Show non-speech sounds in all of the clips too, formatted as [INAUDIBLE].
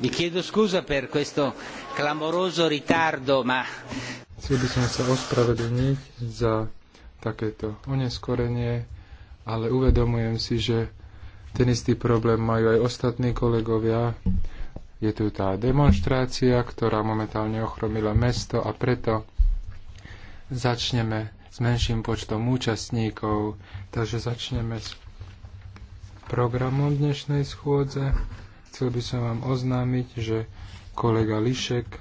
Vi eh. chiedo scusa per questo clamoroso ritardo, ma... Chcel by som sa ospravedlniť za takéto oneskorenie, ale uvedomujem si, že ten istý problém majú aj ostatní kolegovia. Je tu tá demonstrácia, ktorá momentálne ochromila mesto a preto začneme s menším počtom účastníkov. Takže začneme s programom dnešnej schôdze. Chcel by som vám oznámiť, že kolega Lišek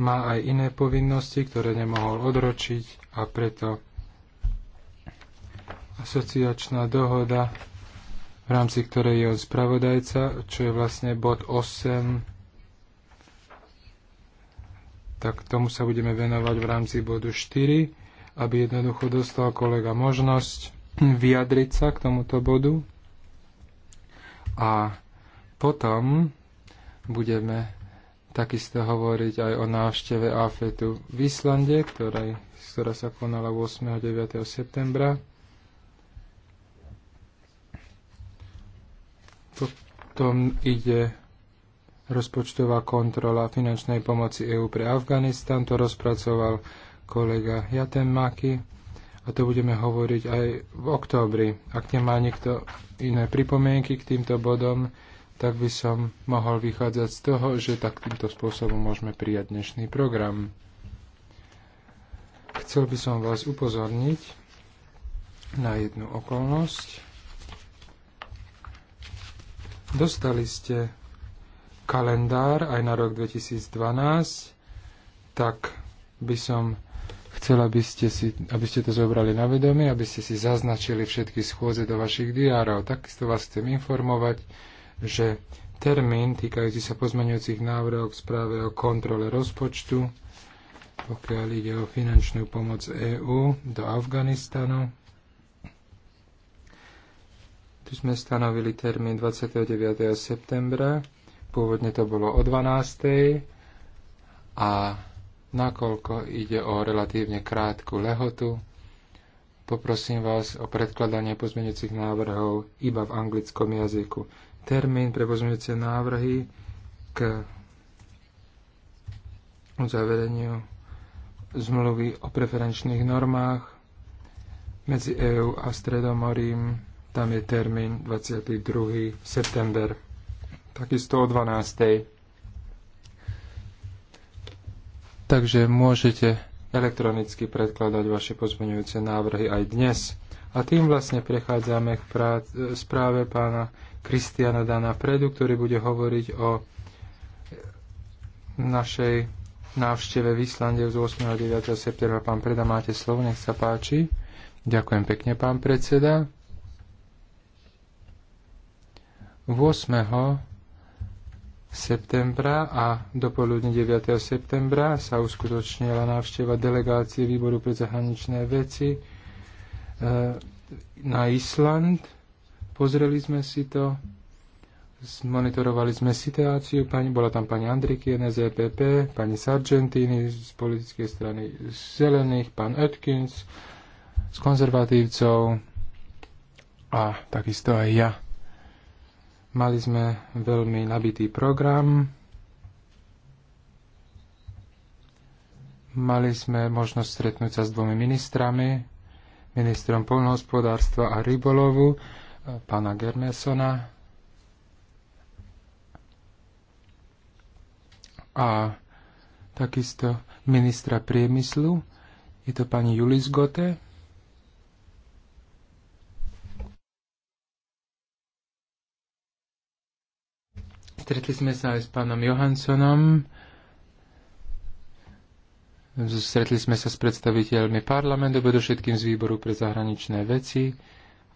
má aj iné povinnosti, ktoré nemohol odročiť a preto asociačná dohoda, v rámci ktorej je on spravodajca, čo je vlastne bod 8 tak tomu sa budeme venovať v rámci bodu 4, aby jednoducho dostal kolega možnosť vyjadriť sa k tomuto bodu. A potom budeme takisto hovoriť aj o návšteve AFETu v Islande, ktorej, ktorá sa konala 8. a 9. septembra. Potom ide rozpočtová kontrola finančnej pomoci EÚ pre Afganistan. To rozpracoval kolega Jatemaki a to budeme hovoriť aj v októbri. Ak nemá niekto iné pripomienky k týmto bodom, tak by som mohol vychádzať z toho, že tak týmto spôsobom môžeme prijať dnešný program. Chcel by som vás upozorniť na jednu okolnosť. Dostali ste kalendár aj na rok 2012, tak by som Chcel, aby ste, si, aby ste to zobrali na vedomie, aby ste si zaznačili všetky schôze do vašich diárov. Takisto vás chcem informovať, že termín týkajúci sa pozmeňujúcich návrhov v správe o kontrole rozpočtu, pokiaľ ide o finančnú pomoc EÚ do Afganistanu. Tu sme stanovili termín 29. septembra. Pôvodne to bolo o 12. a nakoľko ide o relatívne krátku lehotu. Poprosím vás o predkladanie pozmeňujúcich návrhov iba v anglickom jazyku. Termín pre pozmeňujúce návrhy k uzavereniu zmluvy o preferenčných normách medzi EÚ a Stredomorím. Tam je termín 22. september. Takisto o 12. takže môžete elektronicky predkladať vaše pozmeňujúce návrhy aj dnes. A tým vlastne prechádzame k správe pána Kristiana Dana Predu, ktorý bude hovoriť o našej návšteve v Islande z 8. a 9. septembra. Pán Preda, máte slovo, nech sa páči. Ďakujem pekne, pán predseda. 8 septembra a do poludne 9. septembra sa uskutočnila návšteva delegácie Výboru pre zahraničné veci eh, na Island. Pozreli sme si to, monitorovali sme situáciu, pani, bola tam pani Andrikiene z EPP, pani Sargentini z politickej strany Zelených, pán Atkins z konzervatívcov a takisto aj ja. Mali sme veľmi nabitý program. Mali sme možnosť stretnúť sa s dvomi ministrami, ministrom polnohospodárstva a rybolovu, pána Germesona a takisto ministra priemyslu, je to pani Julis Gote, Stretli sme sa aj s pánom Johanssonom. Stretli sme sa s predstaviteľmi parlamentu, predovšetkým z výboru pre zahraničné veci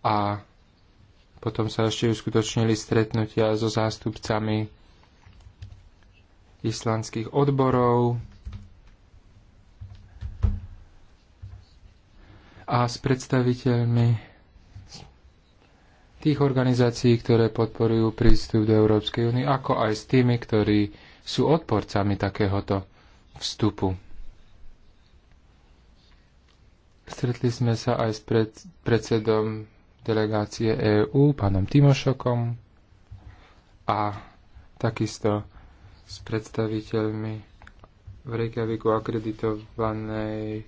a potom sa ešte uskutočnili stretnutia so zástupcami islandských odborov a s predstaviteľmi tých organizácií, ktoré podporujú prístup do Európskej únie, ako aj s tými, ktorí sú odporcami takéhoto vstupu. Stretli sme sa aj s pred, predsedom delegácie EÚ, pánom Timošokom a takisto s predstaviteľmi v Reykjaviku akreditovanej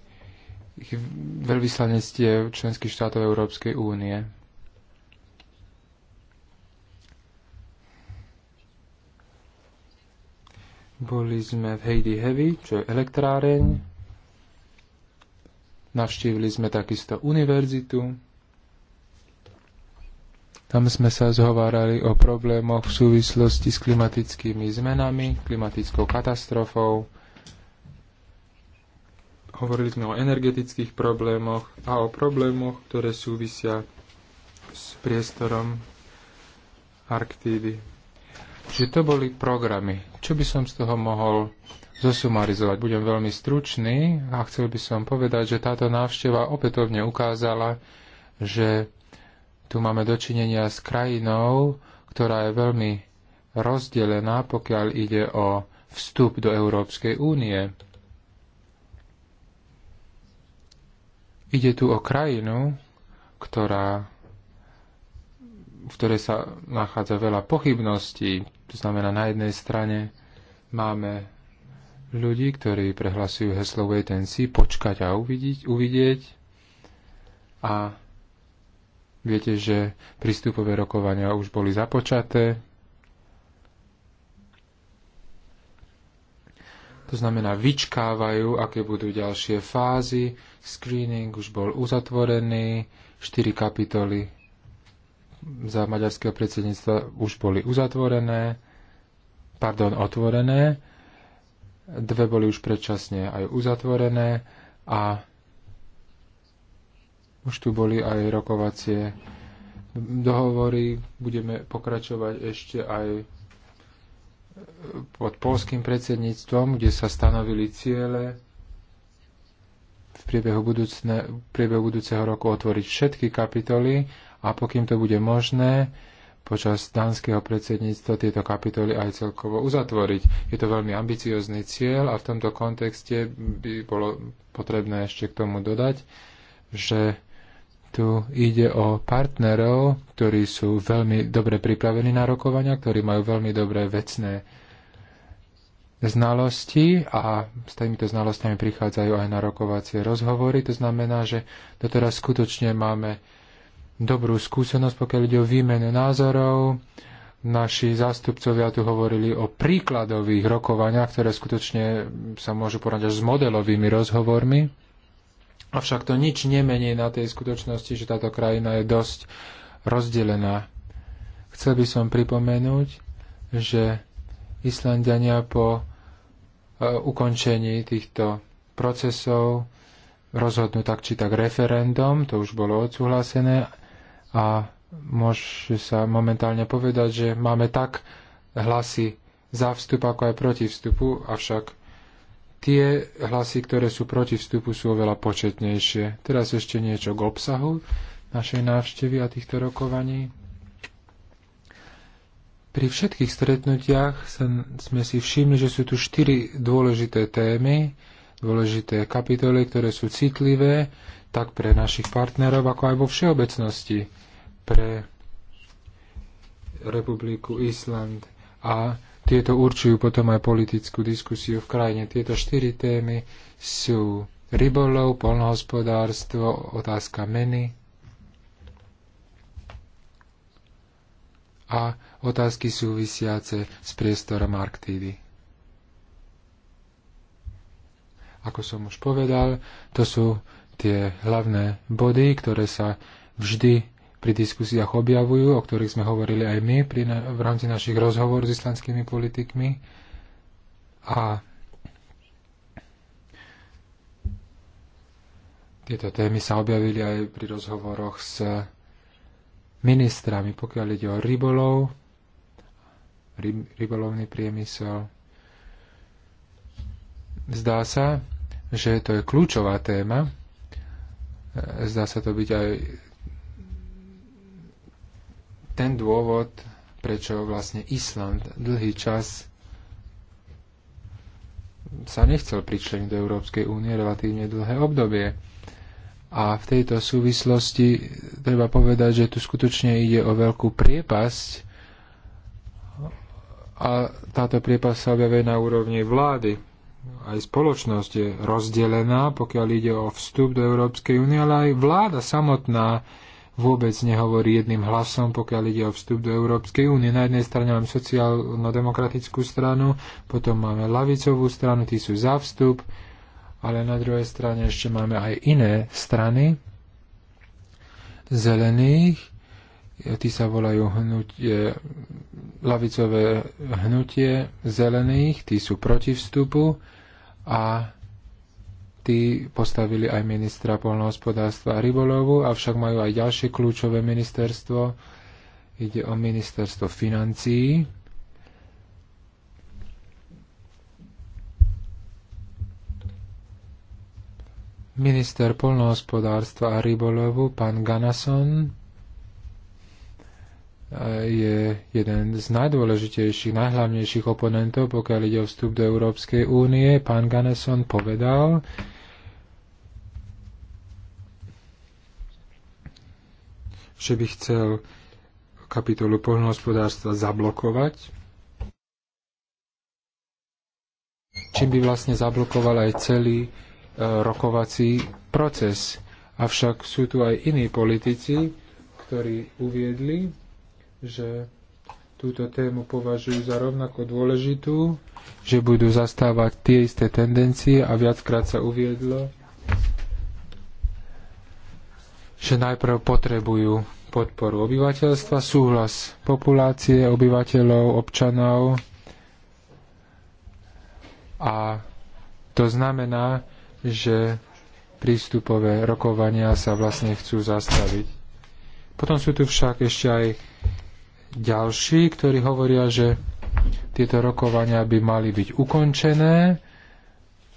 veľvyslanectie členských štátov Európskej únie. Boli sme v Heidi Heavy, čo je elektráreň. Navštívili sme takisto univerzitu. Tam sme sa zhovárali o problémoch v súvislosti s klimatickými zmenami, klimatickou katastrofou. Hovorili sme o energetických problémoch a o problémoch, ktoré súvisia s priestorom Arktídy. Čiže to boli programy. Čo by som z toho mohol zosumarizovať? Budem veľmi stručný a chcel by som povedať, že táto návšteva opätovne ukázala, že tu máme dočinenia s krajinou, ktorá je veľmi rozdelená, pokiaľ ide o vstup do Európskej únie. Ide tu o krajinu, ktorá, v ktorej sa nachádza veľa pochybností, to znamená, na jednej strane máme ľudí, ktorí prehlasujú heslo wait and see, počkať a uvidieť, uvidieť. A viete, že prístupové rokovania už boli započaté. To znamená, vyčkávajú, aké budú ďalšie fázy. Screening už bol uzatvorený, 4 kapitoly za maďarského predsedníctva už boli uzatvorené, pardon, otvorené, dve boli už predčasne aj uzatvorené a už tu boli aj rokovacie dohovory. Budeme pokračovať ešte aj pod polským predsedníctvom, kde sa stanovili ciele v priebehu, budúcne, v priebehu budúceho roku otvoriť všetky kapitoly a pokým to bude možné, počas dánskeho predsedníctva tieto kapitoly aj celkovo uzatvoriť. Je to veľmi ambiciózny cieľ a v tomto kontexte by bolo potrebné ešte k tomu dodať, že tu ide o partnerov, ktorí sú veľmi dobre pripravení na rokovania, ktorí majú veľmi dobré vecné znalosti a s týmito znalostiami prichádzajú aj na rokovacie rozhovory. To znamená, že doteraz skutočne máme dobrú skúsenosť, pokiaľ ide o výmenu názorov. Naši zástupcovia tu hovorili o príkladových rokovaniach, ktoré skutočne sa môžu porať až s modelovými rozhovormi. Avšak to nič nemení na tej skutočnosti, že táto krajina je dosť rozdelená. Chcel by som pripomenúť, že Islandiania po e, ukončení týchto procesov rozhodnú tak či tak referendum, to už bolo odsúhlasené, a môže sa momentálne povedať, že máme tak hlasy za vstup, ako aj proti vstupu, avšak tie hlasy, ktoré sú proti vstupu, sú oveľa početnejšie. Teraz ešte niečo k obsahu našej návštevy a týchto rokovaní. Pri všetkých stretnutiach sme si všimli, že sú tu štyri dôležité témy, dôležité kapitoly, ktoré sú citlivé, tak pre našich partnerov, ako aj vo všeobecnosti pre Republiku Island a tieto určujú potom aj politickú diskusiu v krajine. Tieto štyri témy sú rybolov, polnohospodárstvo, otázka meny a otázky súvisiace s priestorom Arktídy. Ako som už povedal, to sú tie hlavné body, ktoré sa vždy pri diskusiách objavujú, o ktorých sme hovorili aj my pri, v rámci našich rozhovor s islandskými politikmi. A tieto témy sa objavili aj pri rozhovoroch s ministrami, pokiaľ ide o rybolov, ryb, rybolovný priemysel. Zdá sa, že to je kľúčová téma. E, zdá sa to byť aj ten dôvod, prečo vlastne Island dlhý čas sa nechcel pričleniť do Európskej únie relatívne dlhé obdobie. A v tejto súvislosti treba povedať, že tu skutočne ide o veľkú priepasť a táto priepasť sa objavuje na úrovni vlády. Aj spoločnosť je rozdelená, pokiaľ ide o vstup do Európskej únie, ale aj vláda samotná vôbec nehovorí jedným hlasom, pokiaľ ide o vstup do Európskej únie. Na jednej strane máme sociálno-demokratickú stranu, potom máme lavicovú stranu, tí sú za vstup, ale na druhej strane ešte máme aj iné strany zelených, tí sa volajú hnutie, lavicové hnutie zelených, tí sú proti vstupu a tí postavili aj ministra polnohospodárstva a rybolovu, avšak majú aj ďalšie kľúčové ministerstvo. Ide o ministerstvo financií. Minister polnohospodárstva a rybolovu, pán Ganason, je jeden z najdôležitejších, najhlavnejších oponentov, pokiaľ ide o vstup do Európskej únie. Pán Ganeson povedal, že by chcel kapitolu poľnohospodárstva zablokovať, čím by vlastne zablokoval aj celý e, rokovací proces. Avšak sú tu aj iní politici, ktorí uviedli, že túto tému považujú za rovnako dôležitú, že budú zastávať tie isté tendencie a viackrát sa uviedlo, že najprv potrebujú podporu obyvateľstva, súhlas populácie, obyvateľov, občanov a to znamená, že prístupové rokovania sa vlastne chcú zastaviť. Potom sú tu však ešte aj ďalší, ktorí hovoria, že tieto rokovania by mali byť ukončené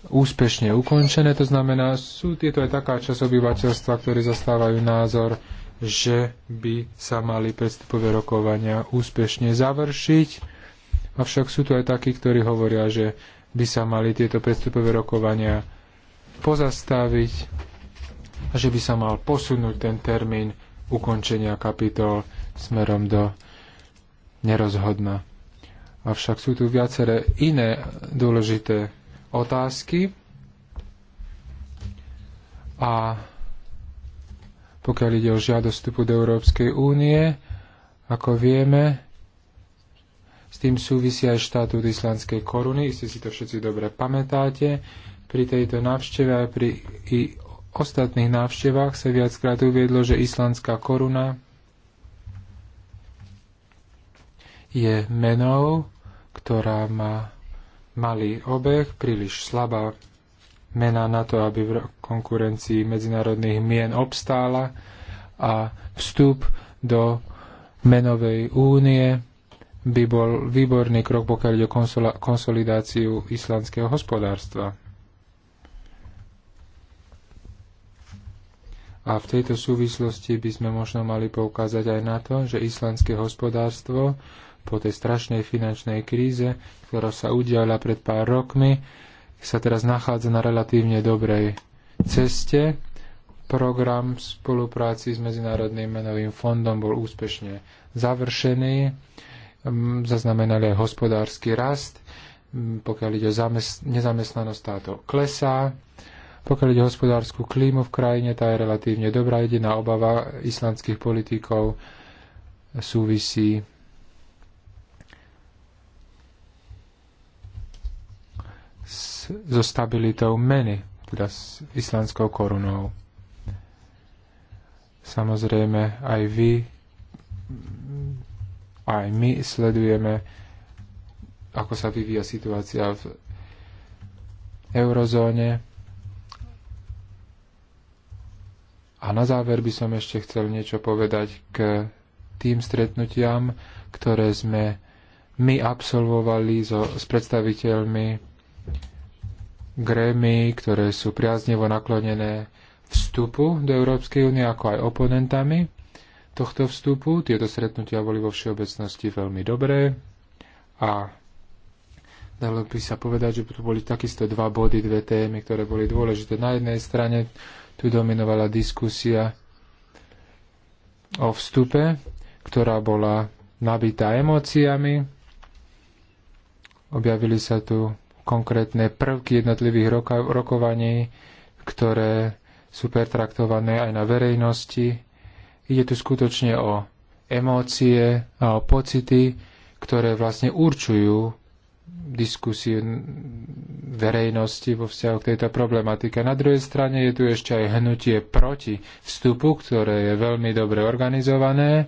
úspešne ukončené. To znamená, sú tieto aj taká časť obyvateľstva, ktorí zastávajú názor, že by sa mali predstupové rokovania úspešne završiť. Avšak sú tu aj takí, ktorí hovoria, že by sa mali tieto predstupové rokovania pozastaviť a že by sa mal posunúť ten termín ukončenia kapitol smerom do nerozhodna. Avšak sú tu viaceré iné dôležité otázky. A pokiaľ ide o žiadosť vstupu do Európskej únie, ako vieme, s tým súvisí aj štatút islandskej koruny, iste si to všetci dobre pamätáte. Pri tejto návšteve aj pri i ostatných návštevách sa viackrát uviedlo, že islandská koruna je menou, ktorá má malý obeh, príliš slabá mena na to, aby v konkurencii medzinárodných mien obstála a vstup do menovej únie by bol výborný krok, pokiaľ ide o konsolidáciu islandského hospodárstva. A v tejto súvislosti by sme možno mali poukázať aj na to, že islandské hospodárstvo po tej strašnej finančnej kríze, ktorá sa udiala pred pár rokmi, sa teraz nachádza na relatívne dobrej ceste. Program v spolupráci s Medzinárodným menovým fondom bol úspešne završený. Zaznamenali aj hospodársky rast. Pokiaľ ide o nezamestnanosť, táto klesá. Pokiaľ ide o hospodárskú klímu v krajine, tá je relatívne dobrá. Jediná obava islandských politikov súvisí so stabilitou meny, teda s islandskou korunou. Samozrejme, aj vy, aj my sledujeme, ako sa vyvíja situácia v eurozóne. A na záver by som ešte chcel niečo povedať k tým stretnutiam, ktoré sme my absolvovali so, s predstaviteľmi grémy, ktoré sú priaznevo naklonené vstupu do Európskej únie, ako aj oponentami tohto vstupu. Tieto stretnutia boli vo všeobecnosti veľmi dobré a dalo by sa povedať, že tu boli takisto dva body, dve témy, ktoré boli dôležité. Na jednej strane tu dominovala diskusia o vstupe, ktorá bola nabitá emóciami. Objavili sa tu konkrétne prvky jednotlivých roka- rokovaní, ktoré sú pertraktované aj na verejnosti. Ide tu skutočne o emócie a o pocity, ktoré vlastne určujú diskusiu verejnosti vo vzťahu k tejto problematike. Na druhej strane je tu ešte aj hnutie proti vstupu, ktoré je veľmi dobre organizované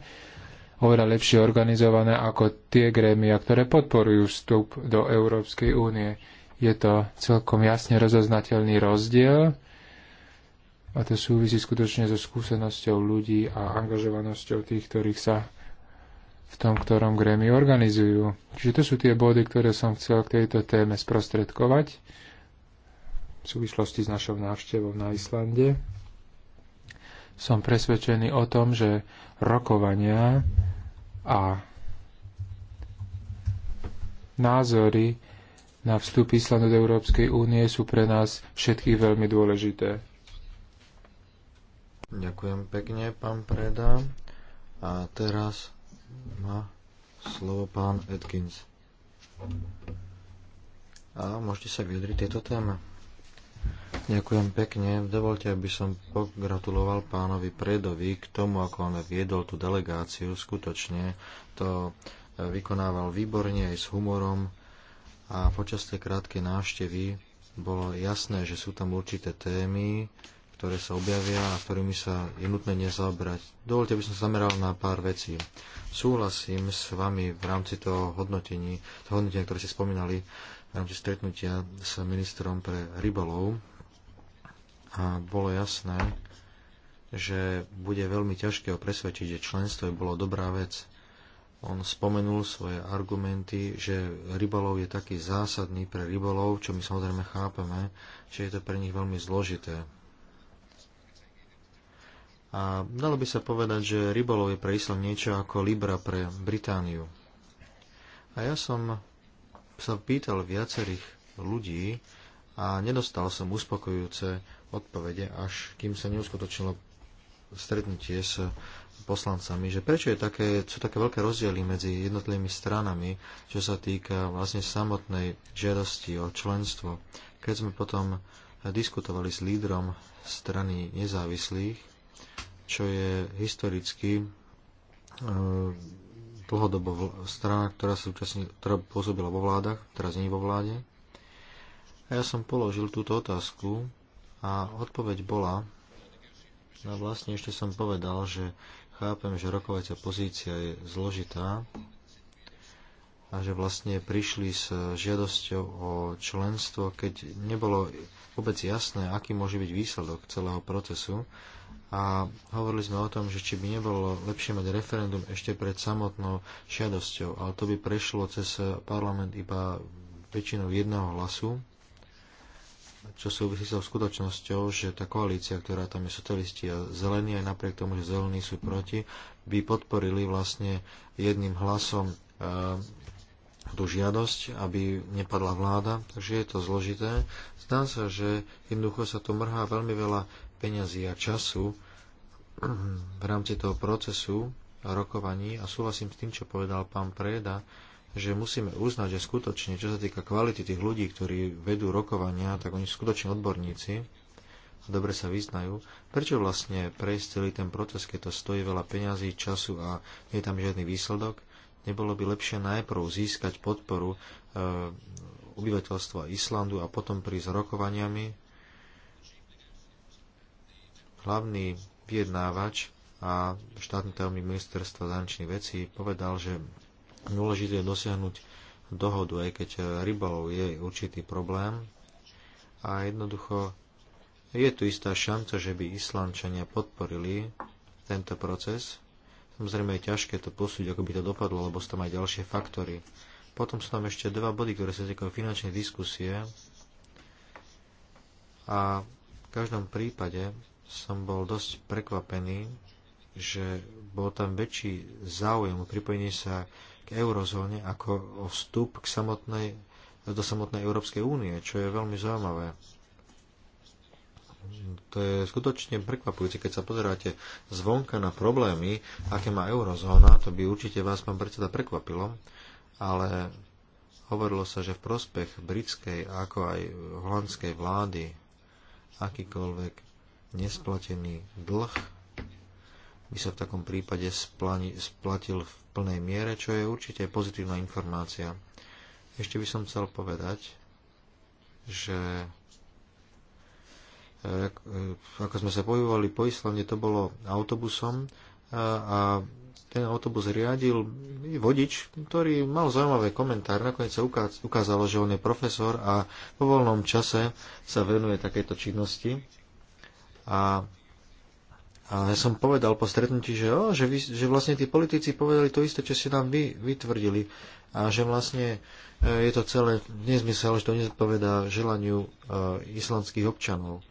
oveľa lepšie organizované ako tie grémia, ktoré podporujú vstup do Európskej únie. Je to celkom jasne rozoznateľný rozdiel a to súvisí skutočne so skúsenosťou ľudí a angažovanosťou tých, ktorých sa v tom, ktorom grémy organizujú. Čiže to sú tie body, ktoré som chcel k tejto téme sprostredkovať v súvislosti s našou návštevou na Islande. Som presvedčený o tom, že rokovania a názory na vstup Islandu do Európskej únie sú pre nás všetkých veľmi dôležité. Ďakujem pekne, pán Preda. A teraz má slovo pán Atkins. A môžete sa vyjadriť tejto téme. Ďakujem pekne. Dovolte, aby som pogratuloval pánovi Predovi k tomu, ako on viedol tú delegáciu. Skutočne to e, vykonával výborne aj s humorom a počas tej krátkej návštevy bolo jasné, že sú tam určité témy, ktoré sa objavia a ktorými sa je nutné nezaoberať. Dovolte, aby som zameral na pár vecí. Súhlasím s vami v rámci toho hodnotení, toho hodnotenia, ktoré ste spomínali, v rámci stretnutia s ministrom pre rybolov a bolo jasné, že bude veľmi ťažké ho presvedčiť, že členstvo je bolo dobrá vec. On spomenul svoje argumenty, že rybolov je taký zásadný pre rybolov, čo my samozrejme chápeme, že je to pre nich veľmi zložité. A dalo by sa povedať, že rybolov je pre Islam niečo ako Libra pre Britániu. A ja som sa pýtal viacerých ľudí a nedostal som uspokojujúce odpovede, až kým sa neuskutočnilo stretnutie s poslancami, že prečo je také, sú také veľké rozdiely medzi jednotlivými stranami, čo sa týka vlastne samotnej žiadosti o členstvo. Keď sme potom diskutovali s lídrom strany nezávislých, čo je historicky e, dlhodobo strana, ktorá, súčasne, ktorá pôsobila vo vládach, teraz nie vo vláde. A ja som položil túto otázku a odpoveď bola, a no vlastne ešte som povedal, že chápem, že rokovacia pozícia je zložitá a že vlastne prišli s žiadosťou o členstvo, keď nebolo vôbec jasné, aký môže byť výsledok celého procesu a hovorili sme o tom, že či by nebolo lepšie mať referendum ešte pred samotnou žiadosťou, ale to by prešlo cez parlament iba väčšinou jedného hlasu, čo súvisí so skutočnosťou, že tá koalícia, ktorá tam je socialisti a zelení, aj napriek tomu, že zelení sú proti, by podporili vlastne jedným hlasom eh, tú žiadosť, aby nepadla vláda, takže je to zložité. Zdá sa, že jednoducho sa tu mrhá veľmi veľa peňazí a času v rámci toho procesu rokovaní a súhlasím s tým, čo povedal pán Preda, že musíme uznať, že skutočne, čo sa týka kvality tých ľudí, ktorí vedú rokovania, tak oni sú skutočne odborníci a dobre sa vyznajú. Prečo vlastne prejsť celý ten proces, keď to stojí veľa peňazí, času a nie je tam žiadny výsledok? Nebolo by lepšie najprv získať podporu e, obyvateľstva Islandu a potom prísť rokovaniami hlavný vyjednávač a štátny tajomník ministerstva zahraničných vecí povedal, že dôležité je dosiahnuť dohodu, aj keď rybolov je určitý problém. A jednoducho je tu istá šanca, že by Islandčania podporili tento proces. Samozrejme je ťažké to posúdiť, ako by to dopadlo, lebo sú tam aj ďalšie faktory. Potom sú tam ešte dva body, ktoré sa týkajú finančnej diskusie. A v každom prípade som bol dosť prekvapený, že bol tam väčší záujem o pripojenie sa k eurozóne ako o vstup k samotnej, do samotnej Európskej únie, čo je veľmi zaujímavé. To je skutočne prekvapujúce, keď sa pozeráte zvonka na problémy, aké má eurozóna, to by určite vás, pán predseda, prekvapilo, ale hovorilo sa, že v prospech britskej ako aj holandskej vlády akýkoľvek nesplatený dlh by sa v takom prípade splani, splatil v plnej miere, čo je určite pozitívna informácia. Ešte by som chcel povedať, že e, e, ako sme sa pohybovali po Islande, to bolo autobusom e, a ten autobus riadil vodič, ktorý mal zaujímavé komentár. Nakoniec sa ukázalo, že on je profesor a po voľnom čase sa venuje takejto činnosti. A, a ja som povedal po stretnutí, že, o, že, vy, že vlastne tí politici povedali to isté, čo ste nám vy, vytvrdili a že vlastne e, je to celé nezmysel, že to nezpovedá želaniu e, islandských občanov.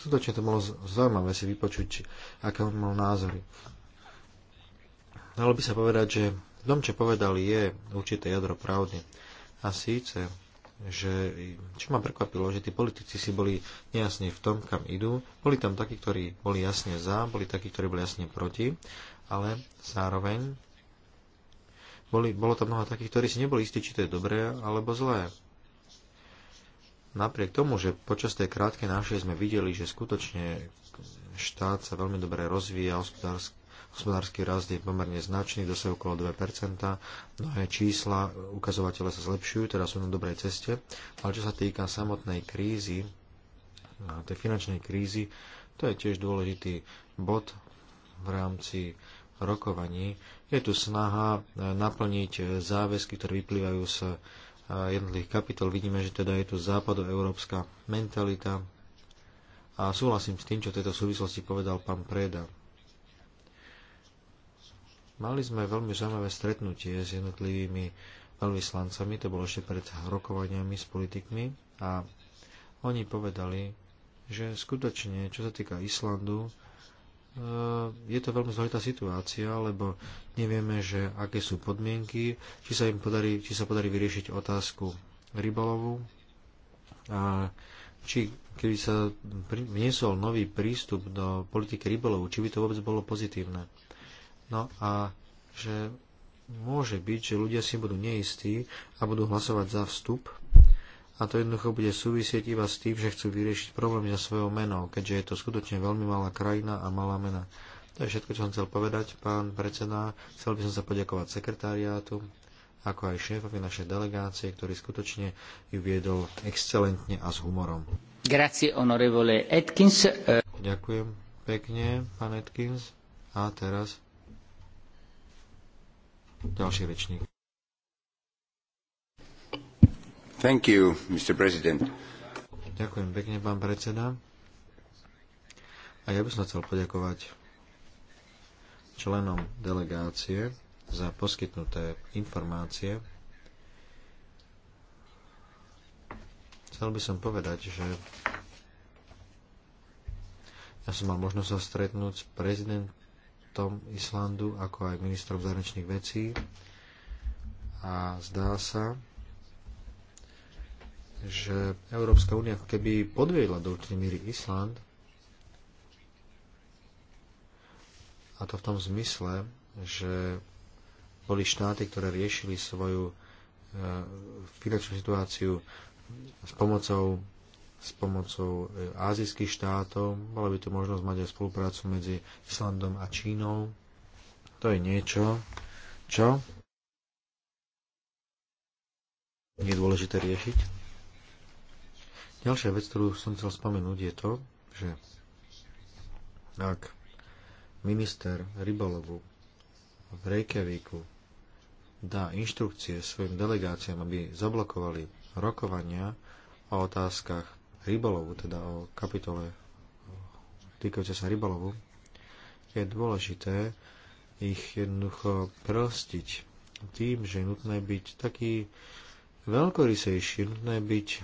Skutočne to bolo zaujímavé si vypočuť, aké on mal názory. Dalo by sa povedať, že v tom, čo povedali, je určité jadro pravdy. A síce že čo ma prekvapilo, že tí politici si boli nejasní v tom, kam idú. Boli tam takí, ktorí boli jasne za, boli takí, ktorí boli jasne proti, ale zároveň boli, bolo tam mnoho takých, ktorí si neboli istí, či to je dobré alebo zlé. Napriek tomu, že počas tej krátkej návštevy sme videli, že skutočne štát sa veľmi dobre rozvíja, hospodárske Hospodársky rast je pomerne značný, dosahuje okolo 2%. Mnohé čísla, ukazovatele sa zlepšujú, teda sú na dobrej ceste. Ale čo sa týka samotnej krízy, tej finančnej krízy, to je tiež dôležitý bod v rámci rokovaní. Je tu snaha e, naplniť e, záväzky, ktoré vyplývajú z e, jednotlivých kapitol. Vidíme, že teda je tu západoeurópska mentalita. A súhlasím s tým, čo v tejto súvislosti povedal pán Preda. Mali sme veľmi zaujímavé stretnutie s jednotlivými veľvyslancami, to bolo ešte pred rokovaniami s politikmi a oni povedali, že skutočne, čo sa týka Islandu, e, je to veľmi zložitá situácia, lebo nevieme, že aké sú podmienky, či sa im podarí, či sa podarí vyriešiť otázku rybolovu a či keby sa vniesol nový prístup do politiky rybolovu, či by to vôbec bolo pozitívne. No a že môže byť, že ľudia si budú neistí a budú hlasovať za vstup a to jednoducho bude súvisieť iba s tým, že chcú vyriešiť problémy za svojou menou, keďže je to skutočne veľmi malá krajina a malá mena. To je všetko, čo som chcel povedať, pán predseda. Chcel by som sa poďakovať sekretariátu, ako aj šéfovi našej delegácie, ktorý skutočne ju viedol excelentne a s humorom. Grazie, honorevole Atkins. Ďakujem pekne, pán Atkins. A teraz ďalší rečník. Thank you, Mr. President. Ďakujem pekne, pán predseda. A ja by som chcel poďakovať členom delegácie za poskytnuté informácie. Chcel by som povedať, že ja som mal možnosť sa stretnúť s prezident, tom Islandu, ako aj ministrom zahraničných vecí. A zdá sa, že Európska únia ako keby podviedla do určitej míry Island, a to v tom zmysle, že boli štáty, ktoré riešili svoju eh, finančnú situáciu s pomocou s pomocou e, azijských štátov. Bola by tu možnosť mať aj spoluprácu medzi Islandom a Čínou. To je niečo, čo je dôležité riešiť. Ďalšia vec, ktorú som chcel spomenúť, je to, že ak minister rybolovu v Reykjavíku dá inštrukcie svojim delegáciám, aby zablokovali rokovania o otázkach rybolovu, teda o kapitole týkajúce sa rybolovu, je dôležité ich jednoducho prostiť tým, že je nutné byť taký veľkorysejší, nutné byť e,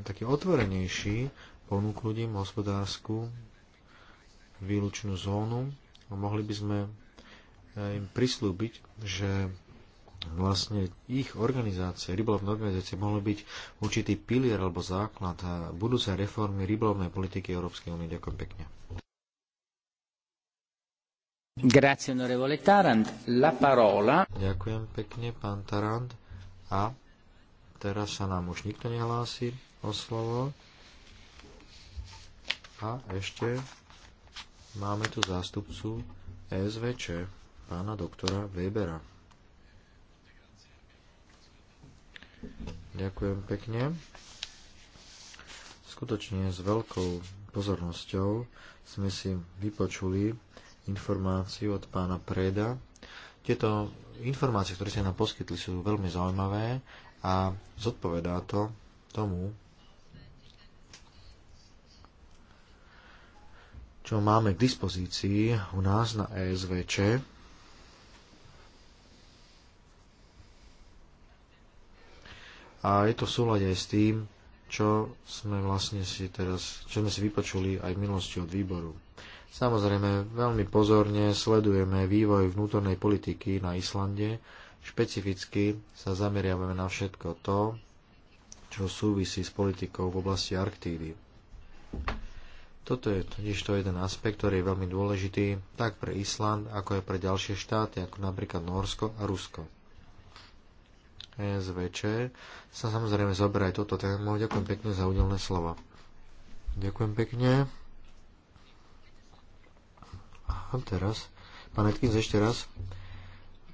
taký otvorenejší, ponúknuť im hospodárskú výlučnú zónu a mohli by sme e, im prislúbiť, že vlastne ich organizácie, rybolovné organizácie, mohlo byť určitý pilier alebo základ eh, budúcej reformy rybolovnej politiky Európskej únie. Ďakujem pekne. Grazie, onorevole Tarant. La parola. Ďakujem pekne, pán Tarant. A teraz sa nám už nikto nehlási o slovo. A ešte máme tu zástupcu SVČ, pána doktora Webera. Ďakujem pekne. Skutočne s veľkou pozornosťou sme si vypočuli informáciu od pána Preda. Tieto informácie, ktoré ste nám poskytli, sú veľmi zaujímavé a zodpovedá to tomu, čo máme k dispozícii u nás na ESVČ. a je to v súlade aj s tým, čo sme vlastne si teraz, čo sme si vypočuli aj v minulosti od výboru. Samozrejme, veľmi pozorne sledujeme vývoj vnútornej politiky na Islande, špecificky sa zameriavame na všetko to, čo súvisí s politikou v oblasti Arktídy. Toto je totiž to jeden aspekt, ktorý je veľmi dôležitý tak pre Island, ako aj pre ďalšie štáty, ako napríklad Norsko a Rusko večer sa samozrejme zoberaj aj toto tému. Ďakujem pekne za udelné slova. Ďakujem pekne. A teraz, pán Atkins, ešte raz.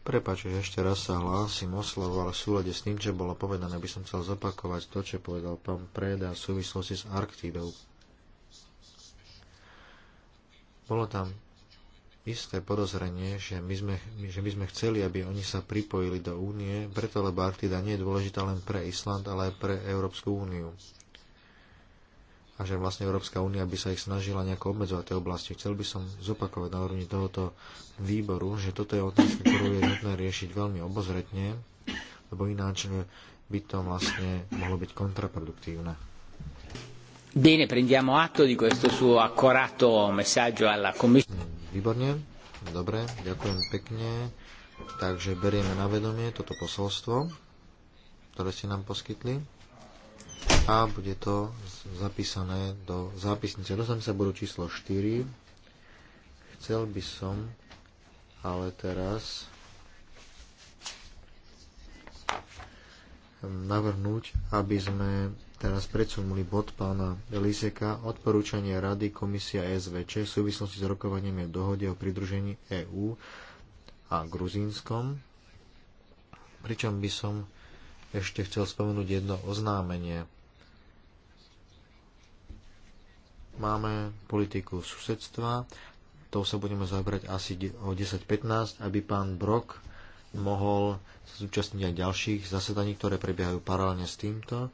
Prepač, že ešte raz sa hlásim o slovo, ale v súlade s tým, čo bolo povedané, by som chcel zopakovať to, čo povedal pán Preda v súvislosti s Arktidou. Bolo tam isté podozrenie, že my, sme, že my sme chceli, aby oni sa pripojili do únie, preto lebo Arktida nie je dôležitá len pre Island, ale aj pre Európsku úniu. A že vlastne Európska únia by sa ich snažila nejako obmedzovať tej oblasti. Chcel by som zopakovať na úrovni tohoto výboru, že toto je otázka, ktorú je nutné riešiť veľmi obozretne, lebo ináč by to vlastne mohlo byť kontraproduktívne. Bene, prendiamo atto di questo suo accorato messaggio alla Commissione. Výborne, dobre, ďakujem pekne. Takže berieme na vedomie toto posolstvo, ktoré ste nám poskytli a bude to zapísané do zápisnice. Dostanem sa bodu číslo 4. Chcel by som ale teraz navrhnúť, aby sme Teraz predsunuli bod pána Liseka odporúčanie Rady Komisia SVČ v súvislosti s rokovaniami o dohode o pridružení EÚ a Gruzínskom. Pričom by som ešte chcel spomenúť jedno oznámenie. Máme politiku susedstva, to sa budeme zabrať asi o 10.15, aby pán Brok mohol sa zúčastniť aj ďalších zasadaní, ktoré prebiehajú paralelne s týmto.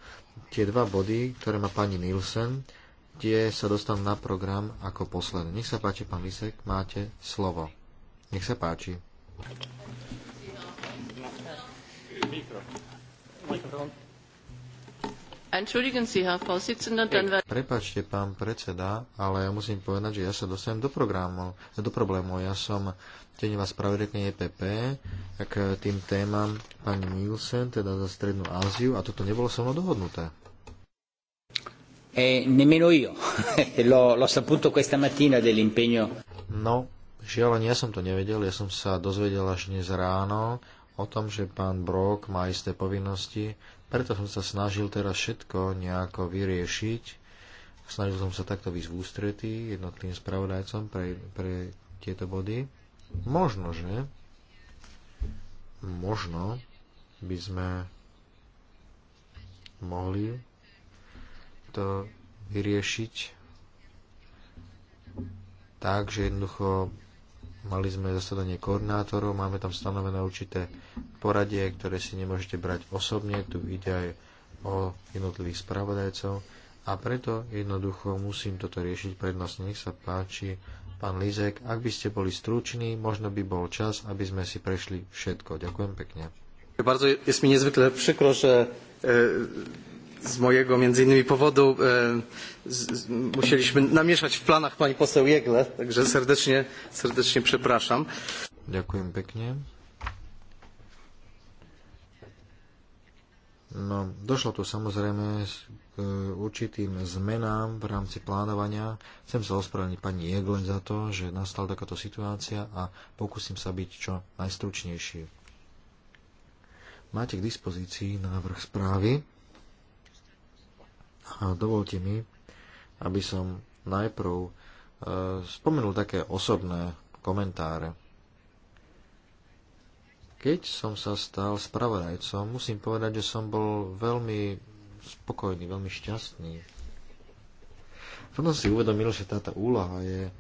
Tie dva body, ktoré má pani Nielsen, tie sa dostanú na program ako posledné. Nech sa páči, pán Lisek, máte slovo. Nech sa páči. Mikro. Mikro. Prepačte, pán predseda, ale ja musím povedať, že ja sa dostanem do, programu, do problému. Ja som vás pravdepne EPP k tým témam pani Nielsen, teda za Strednú Áziu, a toto nebolo so mnou dohodnuté. E, nemmeno io. [LAUGHS] l'ho, saputo questa mattina dell'impegno. No, žiaľ, ja som to nevedel. Ja som sa dozvedel až dnes ráno o tom, že pán Brok má isté povinnosti preto som sa snažil teraz všetko nejako vyriešiť. Snažil som sa takto byť v ústretí jednotlivým spravodajcom pre, pre tieto body. Možno, že možno by sme mohli to vyriešiť tak, že jednoducho Mali sme zasadanie koordinátorov, máme tam stanovené určité poradie, ktoré si nemôžete brať osobne, tu ide aj o jednotlivých spravodajcov a preto jednoducho musím toto riešiť prednostne. Nech sa páči, pán Lizek, ak by ste boli struční, možno by bol čas, aby sme si prešli všetko. Ďakujem pekne. Bardzo jest mi niezwykle przykro, że e, z mojego między innymi powodu e, z, z, musieliśmy namieszać w planach pani poseł Jegle, także serdecznie, serdecznie przepraszam. Dziękuję pięknie. No, došlo tu samozrejme k určitým zmenám v rámci plánovania. Chcem sa ospravedlniť pani Jeglen za to, že nastala takáto situácia a pokúsim sa byť čo najstručnejší. Máte k dispozícii návrh správy. A dovolte mi, aby som najprv e, spomenul také osobné komentáre. Keď som sa stal spravodajcom, musím povedať, že som bol veľmi spokojný, veľmi šťastný. Potom si uvedomil, že táto úloha je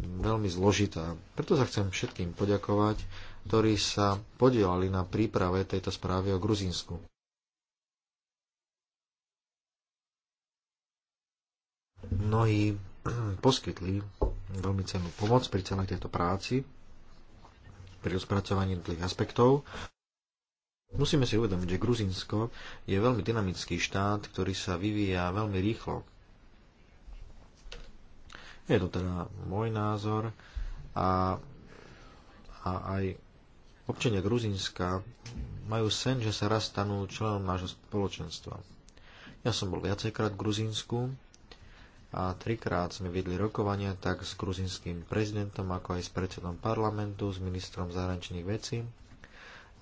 veľmi zložitá. Preto sa chcem všetkým poďakovať, ktorí sa podielali na príprave tejto správy o Gruzínsku. mnohí [CLEARS THROAT] poskytli veľmi cennú pomoc pri celej tejto práci, pri rozpracovaní tých aspektov. Musíme si uvedomiť, že Gruzinsko je veľmi dynamický štát, ktorý sa vyvíja veľmi rýchlo. Je to teda môj názor a, a aj občania Gruzinska majú sen, že sa raz stanú členom nášho spoločenstva. Ja som bol viacejkrát v Gruzínsku a trikrát sme viedli rokovania tak s gruzinským prezidentom, ako aj s predsedom parlamentu, s ministrom zahraničných vecí,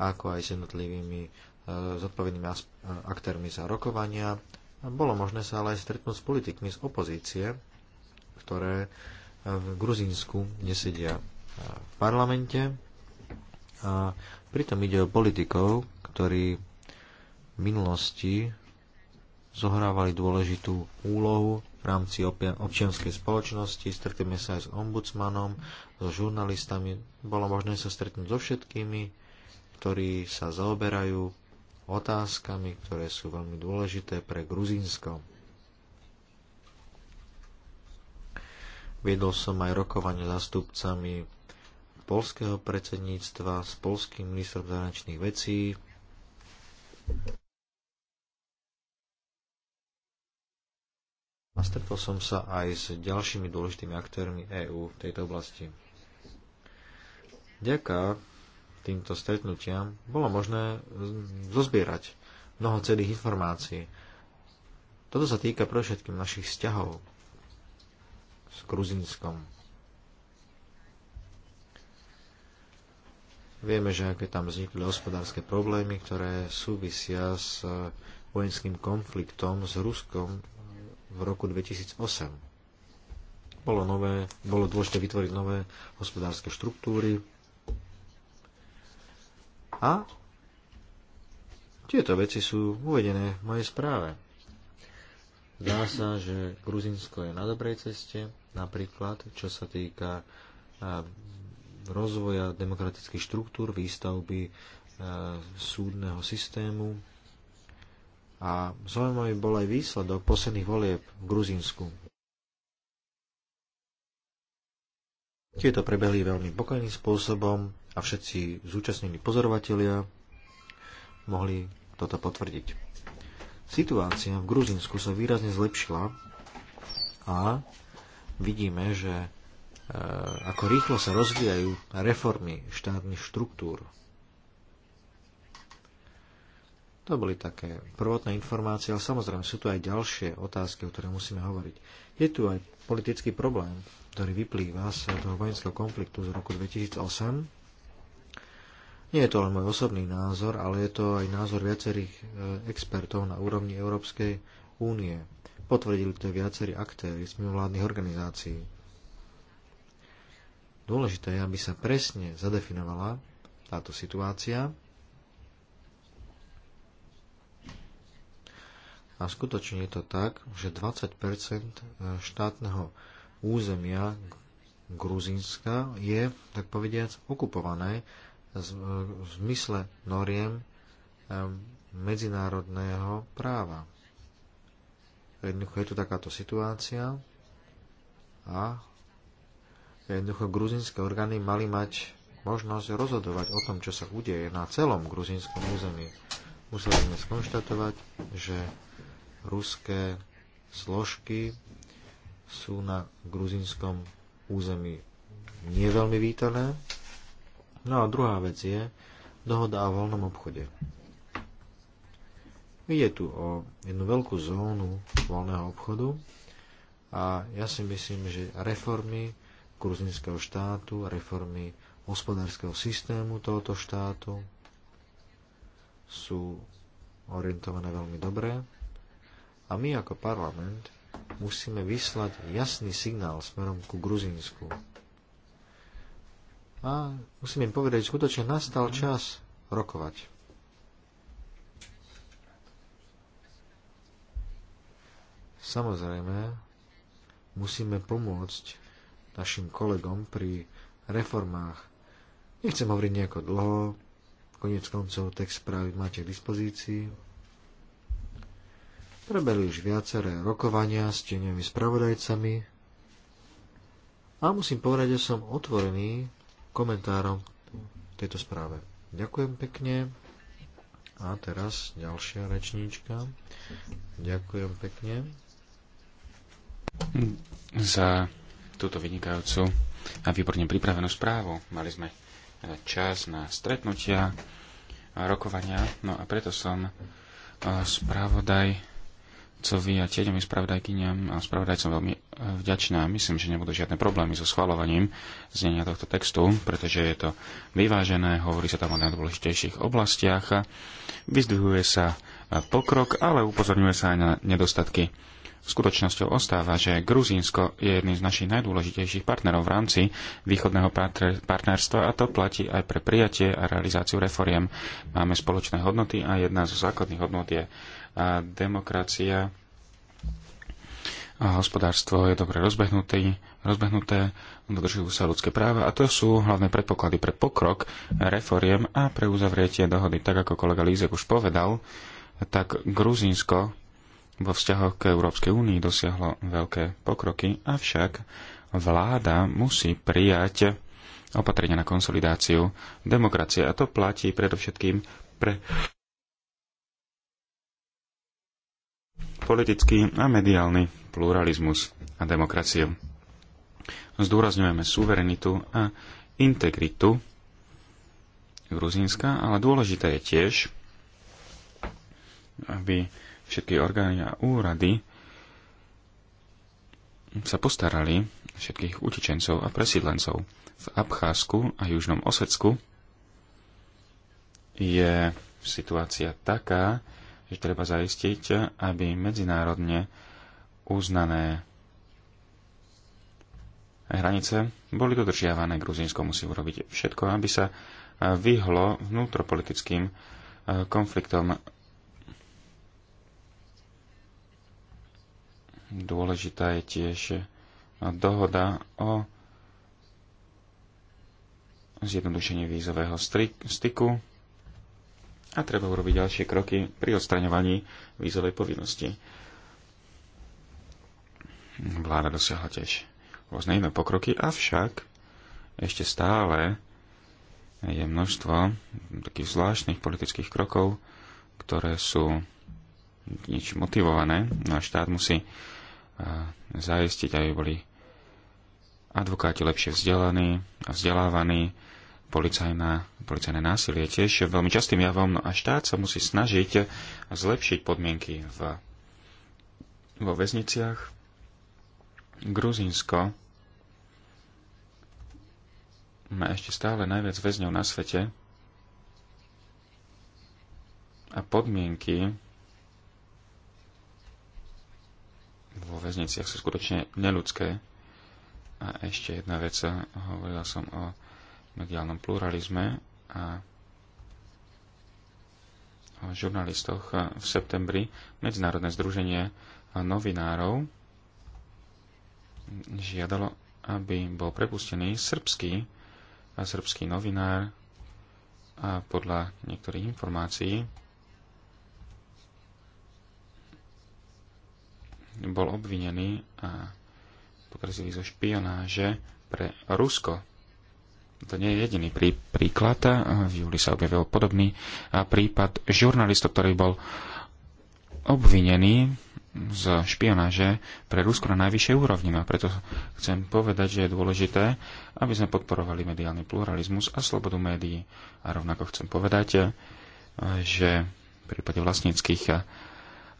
ako aj s jednotlivými e, zodpovednými e, aktérmi za rokovania. bolo možné sa ale aj stretnúť s politikmi z opozície, ktoré e, v Gruzínsku nesedia e, v parlamente. A pritom ide o politikov, ktorí v minulosti zohrávali dôležitú úlohu rámci občianskej spoločnosti, stretneme sa aj s ombudsmanom, so žurnalistami, bolo možné sa stretnúť so všetkými, ktorí sa zaoberajú otázkami, ktoré sú veľmi dôležité pre Gruzínsko. Viedol som aj rokovanie zástupcami polského predsedníctva s polským ministrom zahraničných vecí. A stretol som sa aj s ďalšími dôležitými aktérmi EÚ v tejto oblasti. Ďaká týmto stretnutiam bolo možné zozbierať mnoho celých informácií. Toto sa týka pre všetkým našich vzťahov s Gruzinskom. Vieme, že aké tam vznikli hospodárske problémy, ktoré súvisia s vojenským konfliktom s Ruskom v roku 2008. Bolo, nové, bolo dôležité vytvoriť nové hospodárske štruktúry a tieto veci sú uvedené v mojej správe. Zdá sa, že Gruzinsko je na dobrej ceste, napríklad čo sa týka rozvoja demokratických štruktúr, výstavby súdneho systému, a zaujímavý bol aj výsledok posledných volieb v Gruzínsku. Tieto prebehli veľmi pokojným spôsobom a všetci zúčastnení pozorovatelia mohli toto potvrdiť. Situácia v Gruzínsku sa výrazne zlepšila a vidíme, že e, ako rýchlo sa rozvíjajú reformy štátnych štruktúr to boli také prvotné informácie, ale samozrejme sú tu aj ďalšie otázky, o ktorých musíme hovoriť. Je tu aj politický problém, ktorý vyplýva z toho vojenského konfliktu z roku 2008. Nie je to len môj osobný názor, ale je to aj názor viacerých e, expertov na úrovni Európskej únie. Potvrdili to viacerí aktéry z mimovládnych organizácií. Dôležité je, aby sa presne zadefinovala táto situácia, A skutočne je to tak, že 20 e, štátneho územia Gruzínska je, tak povediac, okupované e, v zmysle noriem e, medzinárodného práva. Jednoducho je tu takáto situácia a jednoducho gruzinské orgány mali mať možnosť rozhodovať o tom, čo sa udeje na celom gruzinskom území. Museli sme skonštatovať, že ruské zložky sú na gruzinskom území nie veľmi vítané. No a druhá vec je dohoda o voľnom obchode. Ide tu o jednu veľkú zónu voľného obchodu a ja si myslím, že reformy gruzinského štátu, reformy hospodárskeho systému tohoto štátu sú orientované veľmi dobre a my ako parlament musíme vyslať jasný signál smerom ku Gruzínsku. A musím im povedať, že skutočne nastal čas rokovať. Samozrejme, musíme pomôcť našim kolegom pri reformách. Nechcem hovoriť nejako dlho, konec koncov text správy máte k dispozícii. Prebehli už viaceré rokovania s tenými spravodajcami a musím povedať, že som otvorený komentárom tejto správe. Ďakujem pekne. A teraz ďalšia rečníčka. Ďakujem pekne. Za túto vynikajúcu a výborne pripravenú správu. Mali sme eh, čas na stretnutia, rokovania, no a preto som eh, spravodaj otcovi a tieňovým spravodajkyniam a spravodajcom veľmi e, vďačná. Myslím, že nebudú žiadne problémy so schvalovaním znenia tohto textu, pretože je to vyvážené, hovorí sa tam o najdôležitejších oblastiach a vyzdvihuje sa e, pokrok, ale upozorňuje sa aj na nedostatky. Skutočnosťou ostáva, že Gruzínsko je jedným z našich najdôležitejších partnerov v rámci východného partnerstva a to platí aj pre prijatie a realizáciu reforiem. Máme spoločné hodnoty a jedna zo základných hodnot je a demokracia a hospodárstvo je dobre rozbehnuté, rozbehnuté, dodržujú sa ľudské práva a to sú hlavné predpoklady pre pokrok reforiem a pre uzavretie dohody. Tak ako kolega Lízek už povedal, tak Gruzínsko vo vzťahoch k Európskej únii dosiahlo veľké pokroky, avšak vláda musí prijať opatrenia na konsolidáciu demokracie a to platí predovšetkým pre politický a mediálny pluralizmus a demokraciu. Zdôrazňujeme suverenitu a integritu Gruzínska, ale dôležité je tiež, aby všetky orgány a úrady sa postarali všetkých utečencov a presídlencov. V Abcházsku a Južnom Osecku je situácia taká, že treba zaistiť, aby medzinárodne uznané hranice boli dodržiavané. Gruzínsko musí urobiť všetko, aby sa vyhlo vnútropolitickým eh, konfliktom. Dôležitá je tiež dohoda o zjednodušení vízového styku a treba urobiť ďalšie kroky pri odstraňovaní vízovej povinnosti. Vláda dosiahla tiež rôzne iné pokroky, avšak ešte stále je množstvo takých zvláštnych politických krokov, ktoré sú nič motivované. No a štát musí zajistiť, aby boli advokáti lepšie vzdelaní a vzdelávaní, policajná, policajné násilie tiež veľmi častým javom a štát sa musí snažiť zlepšiť podmienky v, vo väzniciach. Gruzínsko má ešte stále najviac väzňov na svete a podmienky vo väzniciach sú skutočne neludské. A ešte jedna vec, hovorila som o mediálnom pluralizme a o žurnalistoch v septembri Medzinárodné združenie novinárov žiadalo, aby bol prepustený srbský, a srbský novinár a podľa niektorých informácií bol obvinený a pokrzili zo špionáže pre Rusko. To nie je jediný prí, príklad. V júli sa objavil podobný prípad žurnalista, ktorý bol obvinený z špionáže pre Rusko na najvyššej úrovni. A preto chcem povedať, že je dôležité, aby sme podporovali mediálny pluralizmus a slobodu médií. A rovnako chcem povedať, že v prípade vlastníckých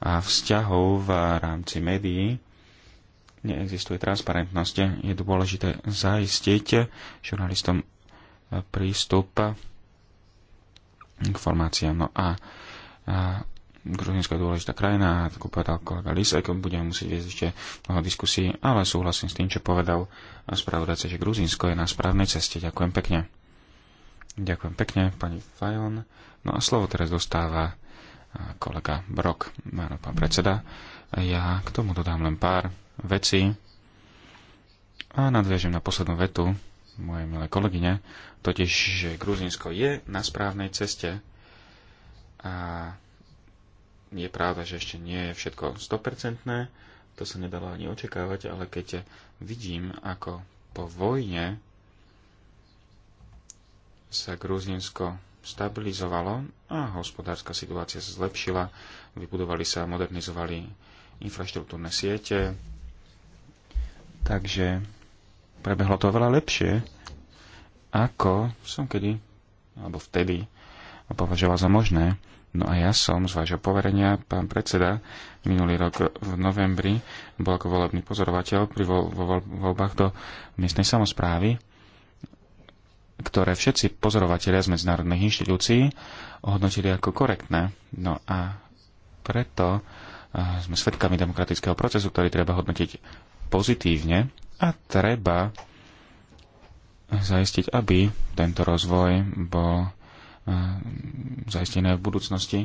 vzťahov v rámci médií neexistuje transparentnosť. Je dôležité zaistiť žurnalistom prístup k informáciám. No a, a Gruzinsko je dôležitá krajina, ako povedal kolega Lisek, budeme musieť viesť ešte mnoho diskusí, ale súhlasím s tým, čo povedal spravodajca, že Gruzinsko je na správnej ceste. Ďakujem pekne. Ďakujem pekne, pani Fajon. No a slovo teraz dostáva kolega Brok, áno, pán predseda. Ja k tomu dodám len pár veci. A nadviažem na poslednú vetu moje milé kolegyne, totiž, že Gruzinsko je na správnej ceste a je pravda, že ešte nie je všetko 100%, to sa nedalo ani očakávať, ale keď vidím, ako po vojne sa Gruzinsko stabilizovalo a hospodárska situácia sa zlepšila, vybudovali sa a modernizovali infraštruktúrne siete, Takže prebehlo to veľa lepšie, ako som kedy, alebo vtedy, považoval za možné. No a ja som z vášho poverenia, pán predseda, minulý rok v novembri bol ako volebný pozorovateľ pri vo, vo, voľbách do miestnej samozprávy, ktoré všetci pozorovateľia z medzinárodných inštitúcií ohodnotili ako korektné. No a preto eh, sme svedkami demokratického procesu, ktorý treba hodnotiť pozitívne a treba zaistiť, aby tento rozvoj bol e, zaistené v budúcnosti.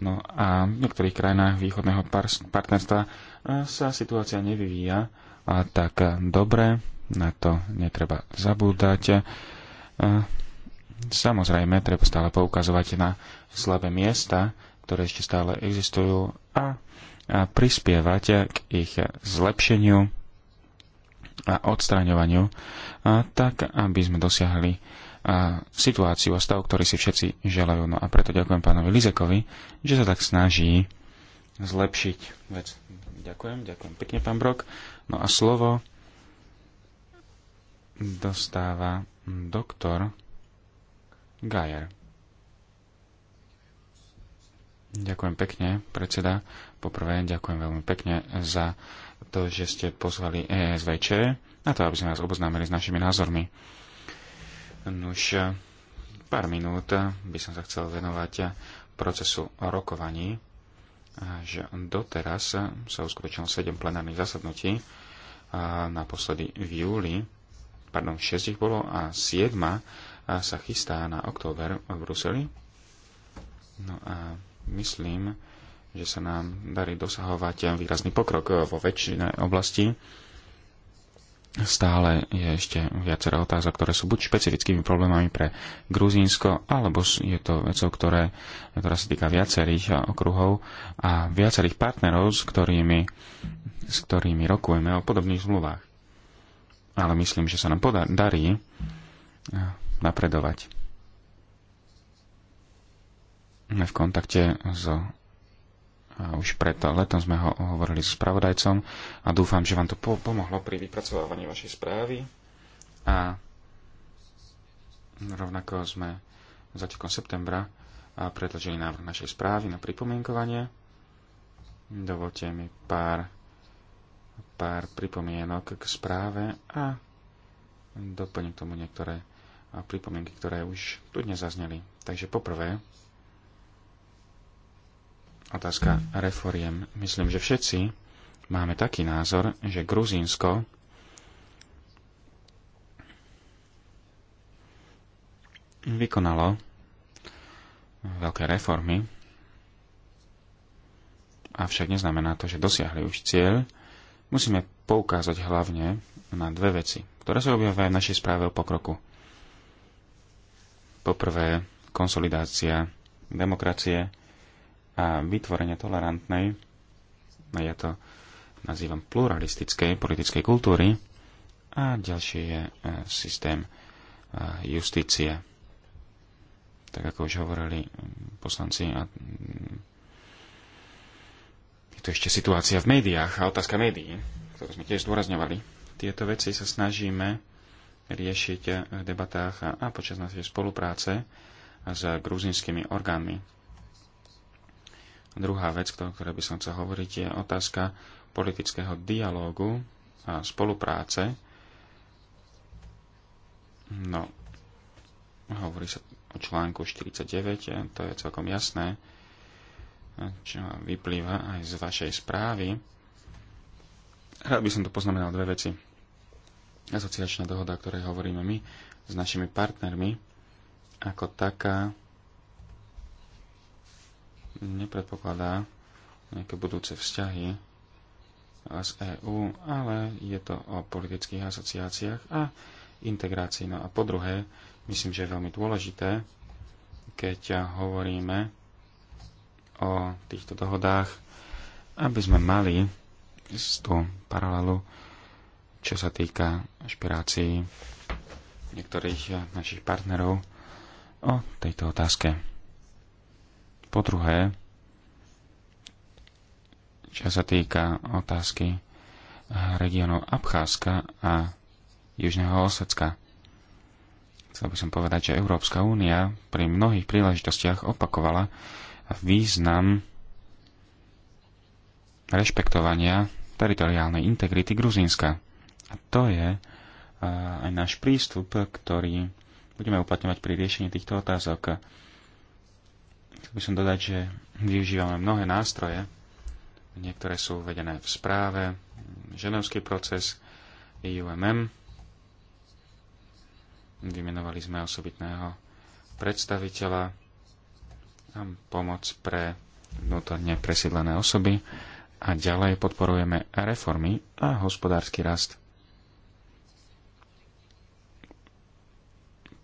No a v niektorých krajinách východného partnerstva e, sa situácia nevyvíja a tak dobre, na to netreba zabúdať. E, samozrejme, treba stále poukazovať na slabé miesta, ktoré ešte stále existujú a prispievať k ich zlepšeniu a odstraňovaniu, a tak aby sme dosiahli a situáciu a stav, ktorý si všetci želajú. No a preto ďakujem pánovi Lizekovi, že sa tak snaží zlepšiť vec. Ďakujem, ďakujem pekne, pán Brok. No a slovo dostáva doktor Gajer. Ďakujem pekne, predseda. Poprvé, ďakujem veľmi pekne za to, že ste pozvali ESVČ na to, aby sme vás oboznámili s našimi názormi. Nuž, pár minút by som sa chcel venovať procesu rokovaní, až doteraz sa uskutočnilo 7 plenárnych zasadnutí, a naposledy v júli, pardon, 6 ich bolo a 7 sa chystá na október v Bruseli. No a myslím, že sa nám darí dosahovať výrazný pokrok vo väčšine oblasti. Stále je ešte viacero otázok, ktoré sú buď špecifickými problémami pre Gruzínsko, alebo je to vecou, ktoré, ktorá sa týka viacerých okruhov a viacerých partnerov, s ktorými, s ktorými rokujeme o podobných zmluvách. Ale myslím, že sa nám podar- darí eh, napredovať. Sme v kontakte so už pred letom sme ho hovorili s spravodajcom a dúfam, že vám to pomohlo pri vypracovávaní vašej správy a rovnako sme začiatkom septembra predložili návrh našej správy na pripomienkovanie. Dovolte mi pár, pár pripomienok k správe a doplním k tomu niektoré pripomienky, ktoré už tu dnes zazneli. Takže poprvé, otázka reforiem. Myslím, že všetci máme taký názor, že Gruzínsko vykonalo veľké reformy, avšak neznamená to, že dosiahli už cieľ. Musíme poukázať hlavne na dve veci, ktoré sa objavajú aj v našej správe o pokroku. Poprvé, konsolidácia demokracie, a vytvorenie tolerantnej, a ja to nazývam pluralistickej politickej kultúry, a ďalší je e, systém e, justície. Tak ako už hovorili e, poslanci, a mm, je to ešte situácia v médiách a otázka médií, ktorú sme tiež zdôrazňovali. Tieto veci sa snažíme riešiť v debatách a, a počas našej spolupráce s gruzinskými orgánmi Druhá vec, o ktorej by som chcel hovoriť, je otázka politického dialógu a spolupráce. No, hovorí sa o článku 49, to je celkom jasné, čo vyplýva aj z vašej správy. Rád by som tu poznamenal dve veci. Asociačná dohoda, o ktorej hovoríme my, s našimi partnermi, ako taká nepredpokladá nejaké budúce vzťahy z EÚ, ale je to o politických asociáciách a integrácii. No a po druhé, myslím, že je veľmi dôležité, keď hovoríme o týchto dohodách, aby sme mali z tú paralelu, čo sa týka špirácií niektorých našich partnerov o tejto otázke. Po druhé, čo sa týka otázky eh, regionov Abcházska a Južného Osecka. Chcel by som povedať, že Európska únia pri mnohých príležitostiach opakovala význam rešpektovania teritoriálnej integrity Gruzínska. A to je eh, aj náš prístup, ktorý budeme uplatňovať pri riešení týchto otázok. Chcel by som dodať, že využívame mnohé nástroje. Niektoré sú uvedené v správe, ženevský proces, IUMM. Vymenovali sme osobitného predstaviteľa a pomoc pre vnútorne presídlené osoby a ďalej podporujeme reformy a hospodársky rast.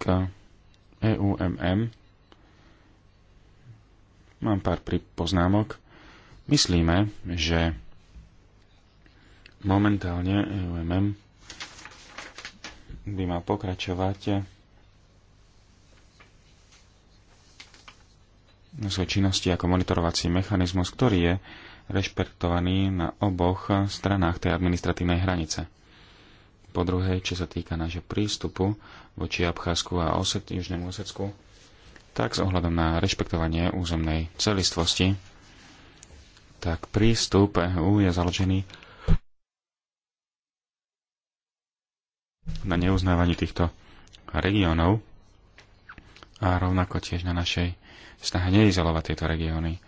K EUMM Mám pár poznámok. Myslíme, že momentálne UMM by mal pokračovať na svojej činnosti ako monitorovací mechanizmus, ktorý je rešpektovaný na oboch stranách tej administratívnej hranice. Po druhé, čo sa týka nášho prístupu voči Abcházsku a Oset, Južnému Osetsku, tak s ohľadom na rešpektovanie územnej celistvosti, tak prístup EU je založený na neuznávaní týchto regiónov a rovnako tiež na našej snahe neizolovať tieto regióny.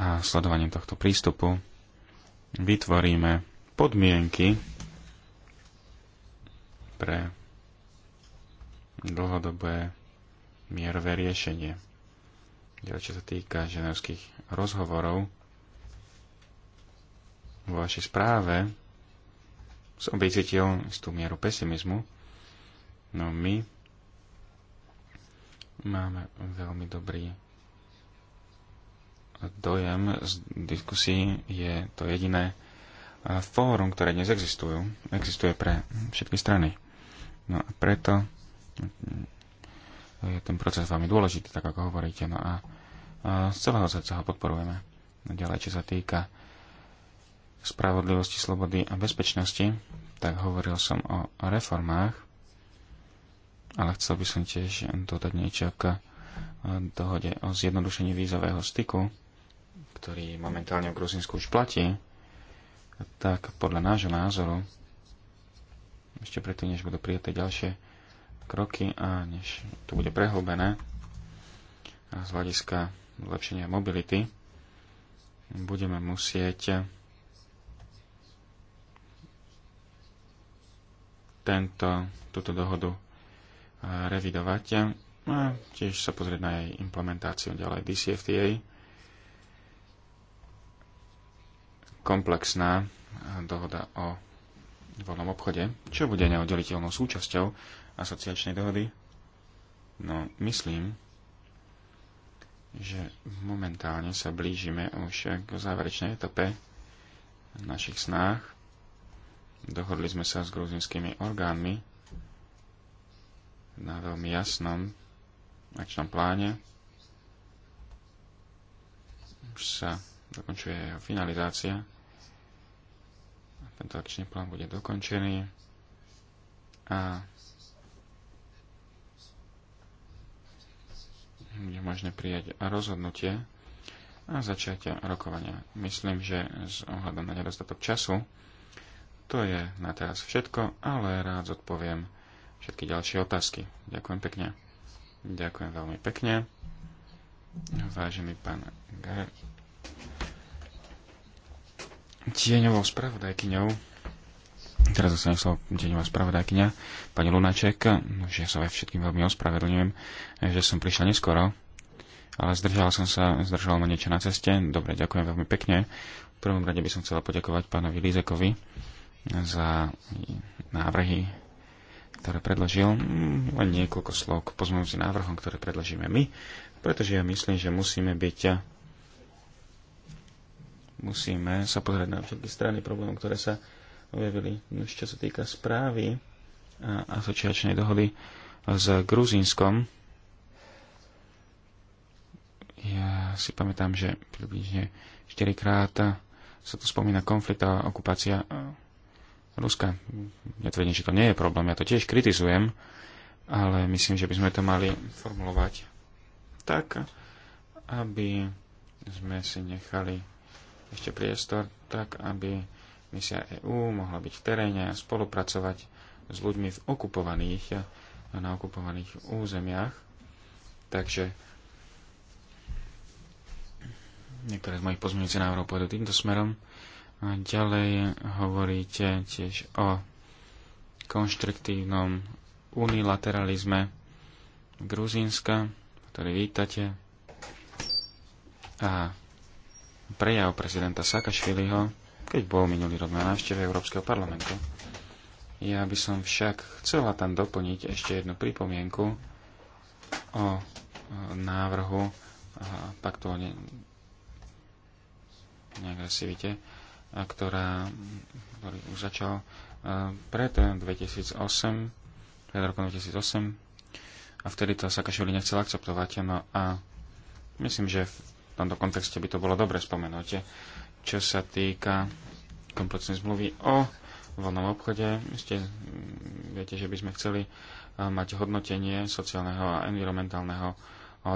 A sledovaním tohto prístupu vytvoríme podmienky pre dlhodobé mierové riešenie. Ďalej, čo sa týka ženevských rozhovorov, vo vašej správe som vycítil istú mieru pesimizmu, no my máme veľmi dobrý dojem z diskusí. Je to jediné fórum, ktoré dnes existujú, existuje pre všetky strany. No a preto je ten proces veľmi dôležitý, tak ako hovoríte. No a z celého srdca ho podporujeme. No ďalej, čo sa týka spravodlivosti, slobody a bezpečnosti, tak hovoril som o reformách, ale chcel by som tiež dodať niečo k e, dohode o zjednodušení vízového styku, ktorý momentálne v Gruzinsku už platí, tak podľa nášho názoru, ešte predtým, než budú prijaté ďalšie kroky a než to bude prehlbené z hľadiska zlepšenia mobility, budeme musieť tento, túto dohodu e, revidovať a tiež sa pozrieť na jej implementáciu ďalej DCFTA. Komplexná e, dohoda o voľnom obchode, čo bude neoddeliteľnou súčasťou asociačnej dohody. No, myslím, že momentálne sa blížime už k záverečnej etape v našich snách. Dohodli sme sa s gruzinskými orgánmi na veľmi jasnom akčnom pláne. Už sa dokončuje jeho finalizácia. Tento akčný plán bude dokončený a je možné prijať rozhodnutie a začať rokovania. Myslím, že s ohľadom na nedostatok času to je na teraz všetko, ale rád zodpoviem všetky ďalšie otázky. Ďakujem pekne. Ďakujem veľmi pekne. Vážený pán Gare. Tieňovou spravodajkyňou Teraz nechcel deň vás spravodajkyňa, pani Lunaček, že sa aj všetkým veľmi ospravedlňujem, že som prišla neskoro, ale zdržal som sa, zdržal ma niečo na ceste. Dobre, ďakujem veľmi pekne. V prvom rade by som chcela poďakovať pánovi Lízekovi za návrhy, ktoré predložil. Len niekoľko slov k pozmeňujúcim návrhom, ktoré predložíme my, pretože ja myslím, že musíme byť musíme sa pozrieť na všetky strany problémov, ktoré sa objavili. No, čo sa týka správy a asociačnej dohody s Gruzínskom, ja si pamätám, že približne 4 krát sa tu spomína konflikt a okupácia Ruska. Ja tvrdím, že to nie je problém, ja to tiež kritizujem, ale myslím, že by sme to mali formulovať tak, aby sme si nechali ešte priestor, tak aby Misia EÚ mohla byť v teréne a spolupracovať s ľuďmi v okupovaných a na okupovaných územiach. Takže niektoré z mojich pozmeňujúcich návrhov pôjdu týmto smerom. A ďalej hovoríte tiež o konštruktívnom unilateralizme Gruzínska, ktorý vítate. A prejav prezidenta Sakašviliho keď bol minulý rok na návšteve Európskeho parlamentu. Ja by som však chcela tam doplniť ešte jednu pripomienku o návrhu paktu o neagresivite, ktorá, ktorý už začal pred 2008, pred rokom 2008 a vtedy to Sakašvili nechcel akceptovať. No a myslím, že v tomto kontexte by to bolo dobre spomenúť čo sa týka komplexnej zmluvy o voľnom obchode. Ste, mm, viete, že by sme chceli e, mať hodnotenie sociálneho a environmentálneho e,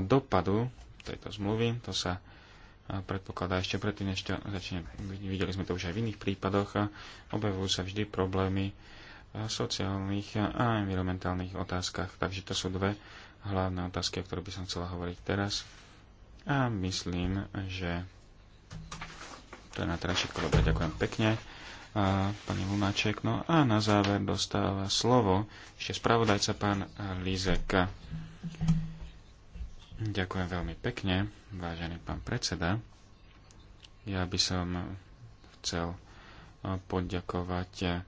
dopadu tejto zmluvy. To sa e, predpokladá ešte predtým, ešte začne. Videli sme to už aj v iných prípadoch. Objavujú sa vždy problémy sociálnych a environmentálnych otázkach. Takže to sú dve hlavné otázky, o ktorých by som chcela hovoriť teraz. A myslím, že to je na teraz všetko dobre. Ďakujem pekne. A pani Lunáček. No a na záver dostáva slovo ešte spravodajca pán Lízek. Ďakujem veľmi pekne, vážený pán predseda. Ja by som chcel poďakovať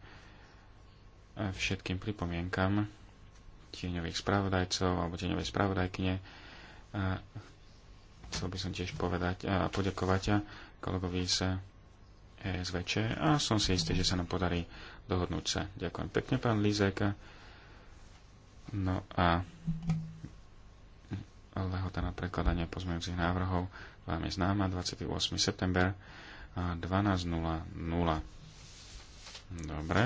všetkým pripomienkam tieňových spravodajcov alebo tieňovej spravodajkyne. Chcel by som tiež povedať a poďakovať kolegovi z ESVČ a som si istý, že sa nám podarí dohodnúť sa. Ďakujem pekne, pán Lízek. No a lehota na prekladanie pozmeňujúcich návrhov vám je známa 28. september 12.00. Dobre.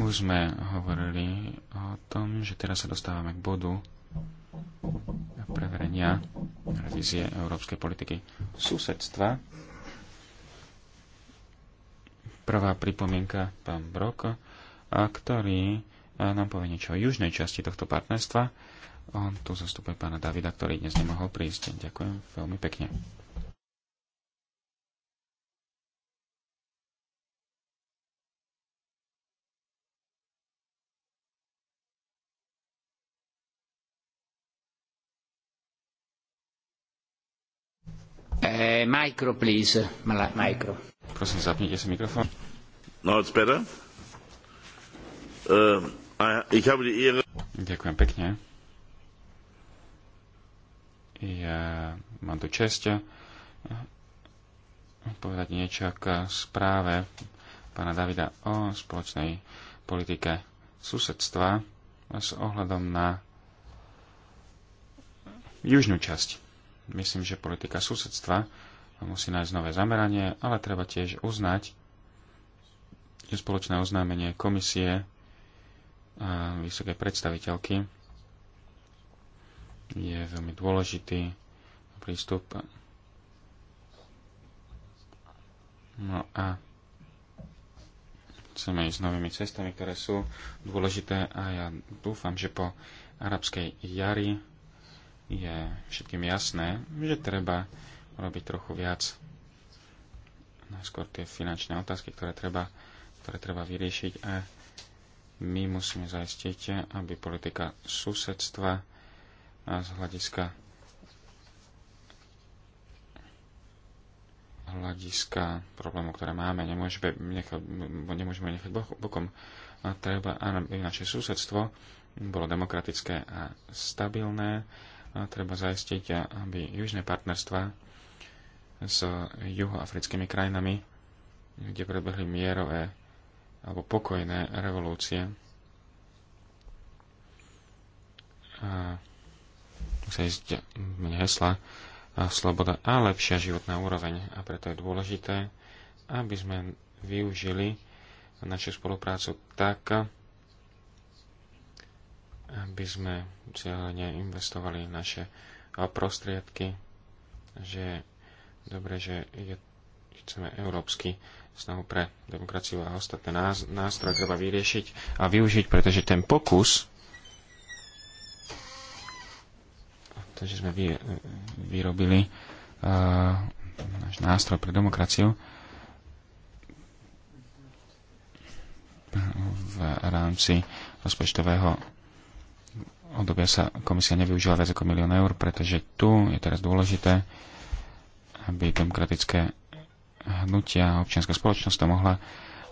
Už sme hovorili o tom, že teraz sa dostávame k bodu preverenia revízie európskej politiky susedstva. Prvá pripomienka pán Brok, ktorý e, nám povie niečo o južnej časti tohto partnerstva. On tu zastupuje pána Davida, ktorý dnes nemohol prísť. Ďakujem veľmi pekne. Eh, micro, please. Micro. Prosím, zapnite si mikrofón. No, it's better. Uh, I, ich habe die Ehre... Ďakujem pekne. Ja mám tu čest eh, povedať niečo k správe pána Davida o spoločnej politike susedstva s ohľadom na južnú časť Myslím, že politika susedstva musí nájsť nové zameranie, ale treba tiež uznať, že spoločné oznámenie komisie a vysokej predstaviteľky je veľmi dôležitý prístup. No a chceme ísť novými cestami, ktoré sú dôležité a ja dúfam, že po arabskej jari je všetkým jasné, že treba robiť trochu viac. Najskôr tie finančné otázky, ktoré treba, ktoré treba vyriešiť a my musíme zaistiť, aby politika susedstva a z hľadiska hľadiska problémov, ktoré máme, nemôžeme nechať, nemôžeme nechať bokom. A treba, aby naše susedstvo bolo demokratické a stabilné, treba zaistiť, aby južné partnerstva s juhoafrickými krajinami, kde prebehli mierové alebo pokojné revolúcie, a musia ísť hesla a sloboda a lepšia životná úroveň. A preto je dôležité, aby sme využili našu spoluprácu tak, aby sme cieľene investovali naše prostriedky, že dobre, že je, chceme európsky snahu pre demokraciu a ostatné nástroje treba vyriešiť a využiť, pretože ten pokus, to, že sme vy, vyrobili uh, náš nástroj pre demokraciu, v rámci rozpočtového obdobia sa komisia nevyužila viac ako milión eur, pretože tu je teraz dôležité, aby demokratické hnutia a občianská spoločnosť to mohla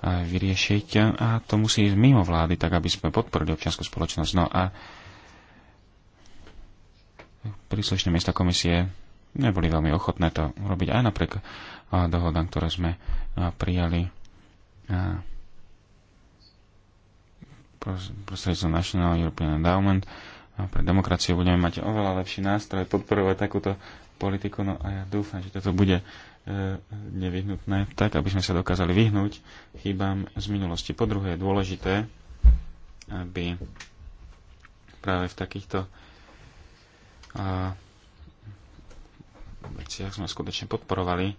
vyriešiť a to musí ísť mimo vlády, tak aby sme podporili občianskú spoločnosť. No a príslušné miesta komisie neboli veľmi ochotné to robiť aj napriek dohodám, ktoré sme prijali prostredníctvom National European Endowment a pre demokraciu budeme mať oveľa lepší nástroj podporovať takúto politiku. No a ja dúfam, že toto bude e, nevyhnutné, tak aby sme sa dokázali vyhnúť chybám z minulosti. Po druhé je dôležité, aby práve v takýchto veciach sme skutočne podporovali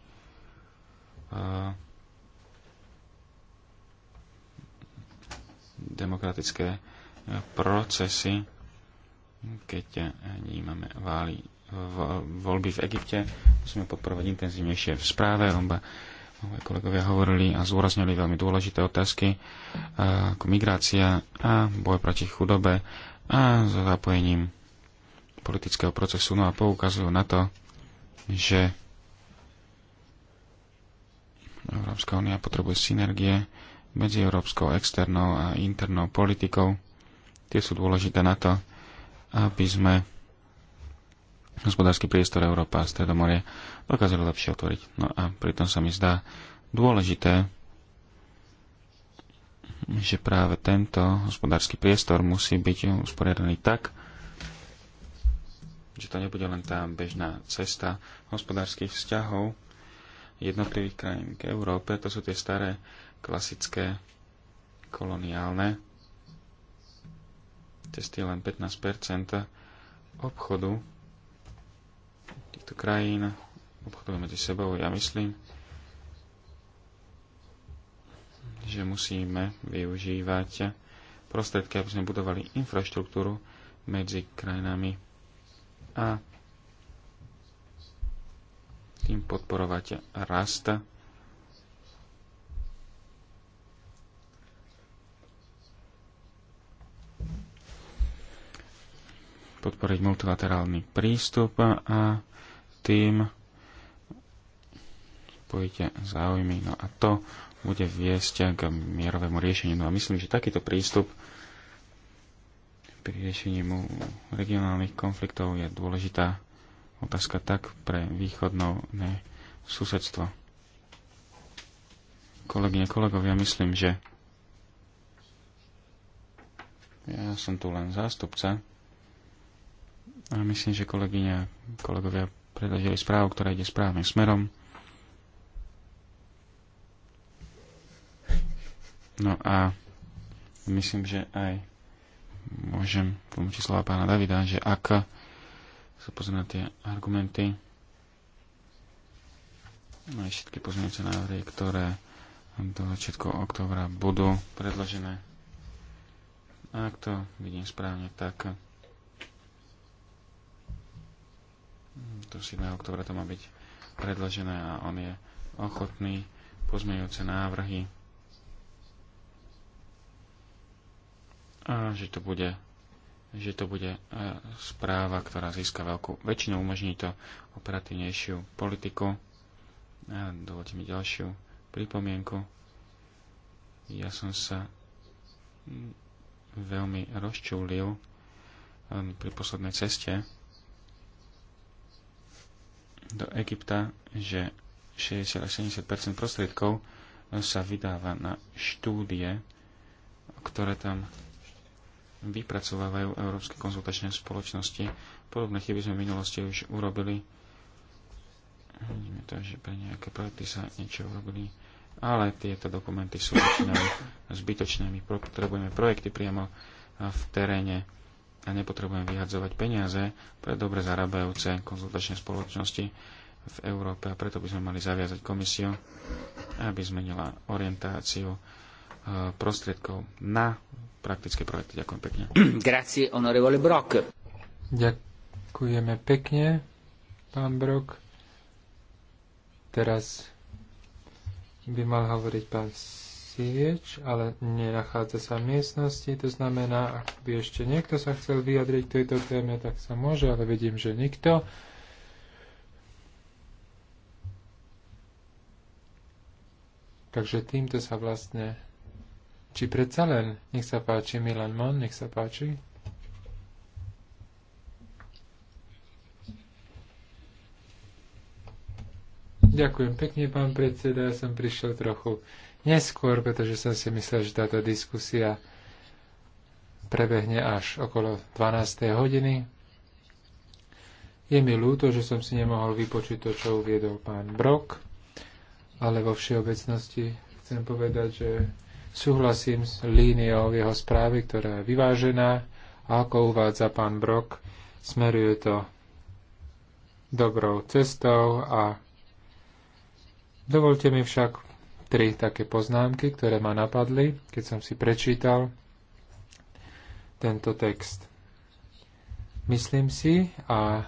demokratické eh, procesy, keď eh, vnímame váli voľby v Egypte, musíme podporovať intenzívnejšie v správe. Oba moje kolegovia hovorili a zúraznili veľmi dôležité otázky eh, ako migrácia a boj proti chudobe a s zapojením politického procesu. No a poukazujú na to, že Európska únia potrebuje synergie medzi európskou externou a internou politikou. Tie sú dôležité na to, aby sme hospodársky priestor Európa a Stredomorie dokázali lepšie otvoriť. No a pritom sa mi zdá dôležité, že práve tento hospodársky priestor musí byť usporiadaný tak, že to nebude len tá bežná cesta hospodárskych vzťahov jednotlivých krajín k Európe. To sú tie staré klasické koloniálne cesty len 15% obchodu týchto krajín obchodu medzi sebou. Ja myslím, že musíme využívať prostriedky, aby sme budovali infraštruktúru medzi krajinami a tým podporovať rast podporiť multilaterálny prístup a tým spojite záujmy. No a to bude viesť k mierovému riešeniu. No a myslím, že takýto prístup pri riešení regionálnych konfliktov je dôležitá otázka tak pre východné susedstvo. Kolegyne, kolegovia, myslím, že ja som tu len zástupca a myslím, že kolegyňa, kolegovia predložili správu, ktorá ide správnym smerom. No a myslím, že aj môžem pomôcť slova pána Davida, že ak sa pozrieme na tie argumenty, no aj všetky pozmeňujúce návrhy, ktoré do začiatku októbra budú predložené. A ak to vidím správne, tak do 7. oktobra to má byť predložené a on je ochotný pozmeňujúce návrhy a že to bude že to bude e, správa, ktorá získa veľkú väčšinu, umožní to operatívnejšiu politiku. A dovolte mi ďalšiu pripomienku. Ja som sa veľmi rozčúlil e, pri poslednej ceste do Egypta, že 60 70 prostriedkov sa vydáva na štúdie, ktoré tam vypracovávajú európske konzultačné spoločnosti. Podobné chyby sme v minulosti už urobili. Vidíme to, že pre nejaké projekty sa niečo urobili. Ale tieto dokumenty sú väčšinou zbytočné. My potrebujeme projekty priamo v teréne a nepotrebujem vyhadzovať peniaze pre dobre zarábajúce konzultačné spoločnosti v Európe a preto by sme mali zaviazať komisiu, aby zmenila orientáciu e, prostriedkov na praktické projekty. Ďakujem pekne. [CLEARS THROAT] Grazie, Brock. Ďakujeme pekne, pán Brock. Teraz by mal hovoriť pán sieť, ale nenachádza sa v miestnosti. To znamená, ak by ešte niekto sa chcel vyjadriť k tejto téme, tak sa môže, ale vidím, že nikto. Takže týmto sa vlastne... Či predsa len? Nech sa páči, Milan Mon, nech sa páči. Ďakujem pekne, pán predseda. Ja som prišiel trochu neskôr, pretože som si myslel, že táto diskusia prebehne až okolo 12. hodiny. Je mi ľúto, že som si nemohol vypočuť to, čo uviedol pán Brok, ale vo všeobecnosti chcem povedať, že súhlasím s líniou jeho správy, ktorá je vyvážená a ako uvádza pán Brok, smeruje to dobrou cestou a dovolte mi však tri také poznámky, ktoré ma napadli, keď som si prečítal tento text. Myslím si, a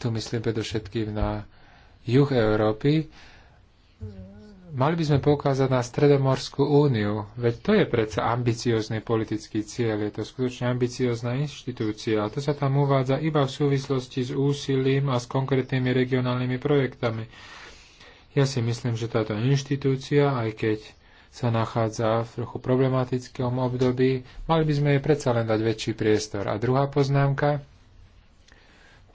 tu myslím predovšetkým na juh Európy, mali by sme poukázať na Stredomorskú úniu, veď to je predsa ambiciózny politický cieľ, je to skutočne ambiciózna inštitúcia a to sa tam uvádza iba v súvislosti s úsilím a s konkrétnymi regionálnymi projektami. Ja si myslím, že táto inštitúcia, aj keď sa nachádza v trochu problematickom období, mali by sme jej predsa len dať väčší priestor. A druhá poznámka,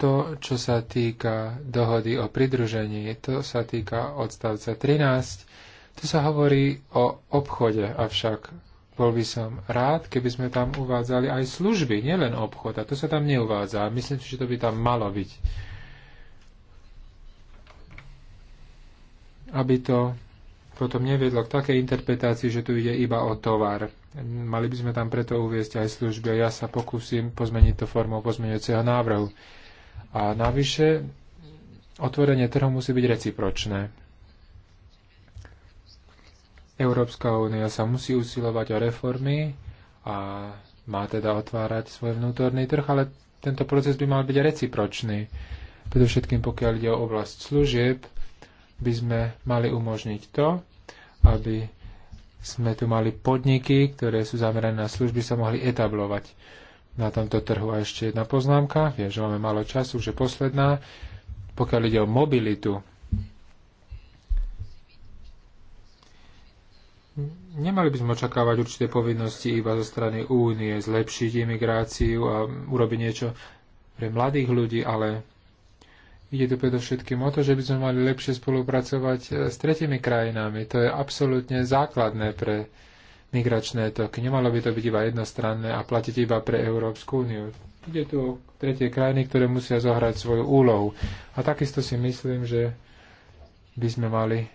to, čo sa týka dohody o pridružení, to sa týka odstavca 13, tu sa hovorí o obchode, avšak bol by som rád, keby sme tam uvádzali aj služby, nielen obchod, a to sa tam neuvádza. Myslím si, že to by tam malo byť aby to potom neviedlo k takej interpretácii, že tu ide iba o tovar. Mali by sme tam preto uviezť aj služby a ja sa pokúsim pozmeniť to formou pozmeňujúceho návrhu. A navyše, otvorenie trhu musí byť recipročné. Európska únia sa musí usilovať o reformy a má teda otvárať svoj vnútorný trh, ale tento proces by mal byť recipročný. Predovšetkým pokiaľ ide o oblasť služieb, by sme mali umožniť to, aby sme tu mali podniky, ktoré sú zamerané na služby, sa mohli etablovať na tomto trhu. A ešte jedna poznámka, viem, že máme málo času, že posledná, pokiaľ ide o mobilitu. Nemali by sme očakávať určité povinnosti iba zo strany únie, zlepšiť imigráciu a urobiť niečo pre mladých ľudí, ale Ide tu predovšetkým o to, že by sme mali lepšie spolupracovať e, s tretimi krajinami. To je absolútne základné pre migračné toky. Nemalo by to byť iba jednostranné a platiť iba pre Európsku úniu. Ide tu o tretie krajiny, ktoré musia zohrať svoju úlohu. A takisto si myslím, že by sme mali,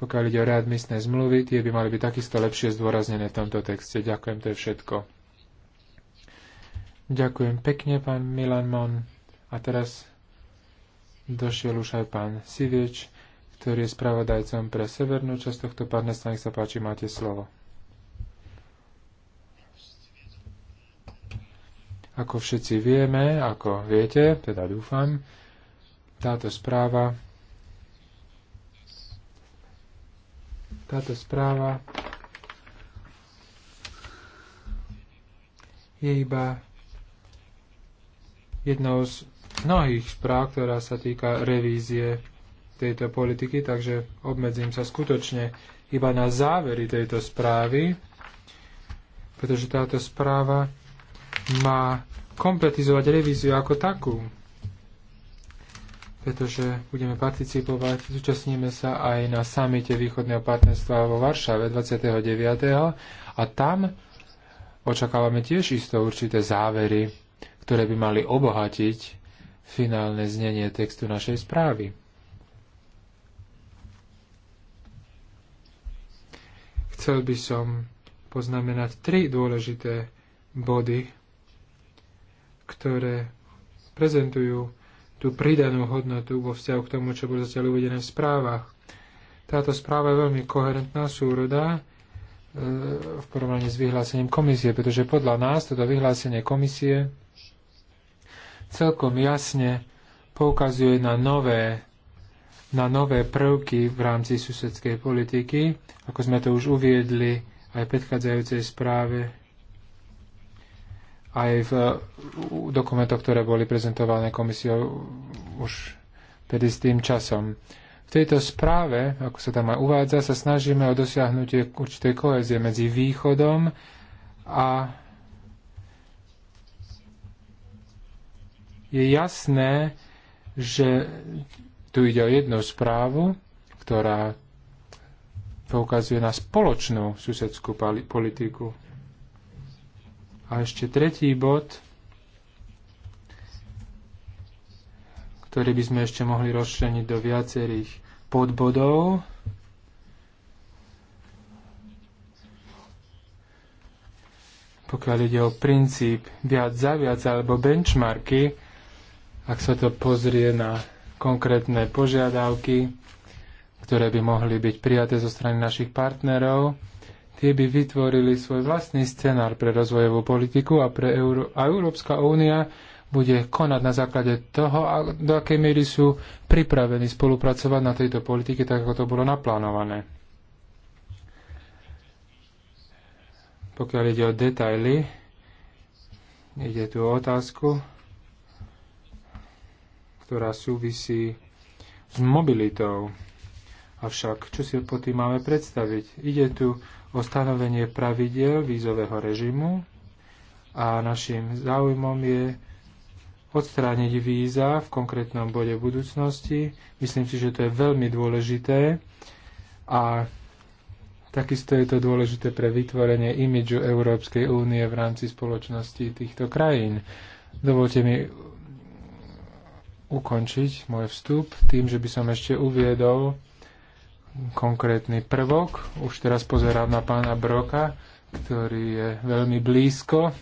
pokiaľ ide o readmisné zmluvy, tie by mali byť takisto lepšie zdôraznené v tomto texte. Ďakujem, to je všetko. Ďakujem pekne, pán Milan Mon. A teraz došiel už aj pán Sivič, ktorý je spravodajcom pre severnú časť tohto partnerstva. Nech sa páči, máte slovo. Ako všetci vieme, ako viete, teda dúfam, táto správa táto správa je iba jednou z mnohých správ, ktorá sa týka revízie tejto politiky, takže obmedzím sa skutočne iba na závery tejto správy, pretože táto správa má kompletizovať revíziu ako takú, pretože budeme participovať, zúčastníme sa aj na samite východného partnerstva vo Varšave 29. a tam očakávame tiež isto určité závery ktoré by mali obohatiť finálne znenie textu našej správy. Chcel by som poznamenať tri dôležité body, ktoré prezentujú tú pridanú hodnotu vo vzťahu k tomu, čo bolo zatiaľ uvedené v správach. Táto správa je veľmi koherentná, e, v porovnaní s vyhlásením komisie, pretože podľa nás toto vyhlásenie komisie celkom jasne poukazuje na nové, na nové prvky v rámci susedskej politiky, ako sme to už uviedli aj v predchádzajúcej správe, aj v dokumentoch, ktoré boli prezentované komisiou už tedy s tým časom. V tejto správe, ako sa tam aj uvádza, sa snažíme o dosiahnutie určitej kohezie medzi východom a je jasné, že tu ide o jednu správu, ktorá poukazuje na spoločnú susedskú politiku. A ešte tretí bod, ktorý by sme ešte mohli rozšleniť do viacerých podbodov. Pokiaľ ide o princíp viac za viac alebo benchmarky, ak sa to pozrie na konkrétne požiadavky, ktoré by mohli byť prijaté zo strany našich partnerov, tie by vytvorili svoj vlastný scenár pre rozvojovú politiku a, pre Euró- a Európska únia bude konať na základe toho, do akej miery sú pripravení spolupracovať na tejto politike, tak ako to bolo naplánované. Pokiaľ ide o detaily, ide tu o otázku, ktorá súvisí s mobilitou. Avšak, čo si po tým máme predstaviť? Ide tu o stanovenie pravidiel vízového režimu a našim záujmom je odstrániť víza v konkrétnom bode budúcnosti. Myslím si, že to je veľmi dôležité a takisto je to dôležité pre vytvorenie imidžu Európskej únie v rámci spoločnosti týchto krajín. Dovolte mi ukončiť môj vstup tým, že by som ešte uviedol konkrétny prvok. Už teraz pozerám na pána Broka, ktorý je veľmi blízko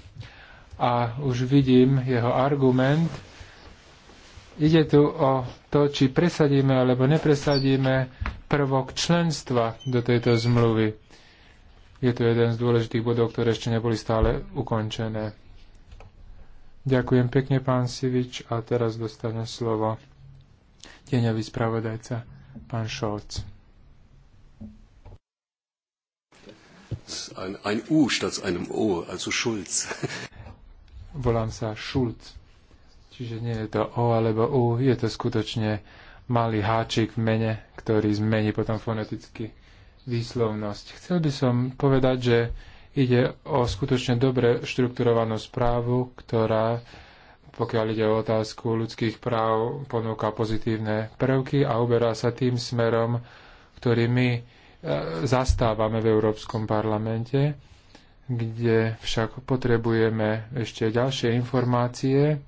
a už vidím jeho argument. Ide tu o to, či presadíme alebo nepresadíme prvok členstva do tejto zmluvy. Je to jeden z dôležitých bodov, ktoré ešte neboli stále ukončené. Ďakujem pekne, pán Sivič. A teraz dostane slovo tieňový spravodajca, pán Šolc. Ein, ein U statt einem O, also Schulz. [LAUGHS] Volám sa Schulz. Čiže nie je to O alebo U, je to skutočne malý háčik v mene, ktorý zmení potom foneticky výslovnosť. Chcel by som povedať, že Ide o skutočne dobre štrukturovanú správu, ktorá pokiaľ ide o otázku ľudských práv, ponúka pozitívne prvky a uberá sa tým smerom, ktorý my e, zastávame v Európskom parlamente, kde však potrebujeme ešte ďalšie informácie.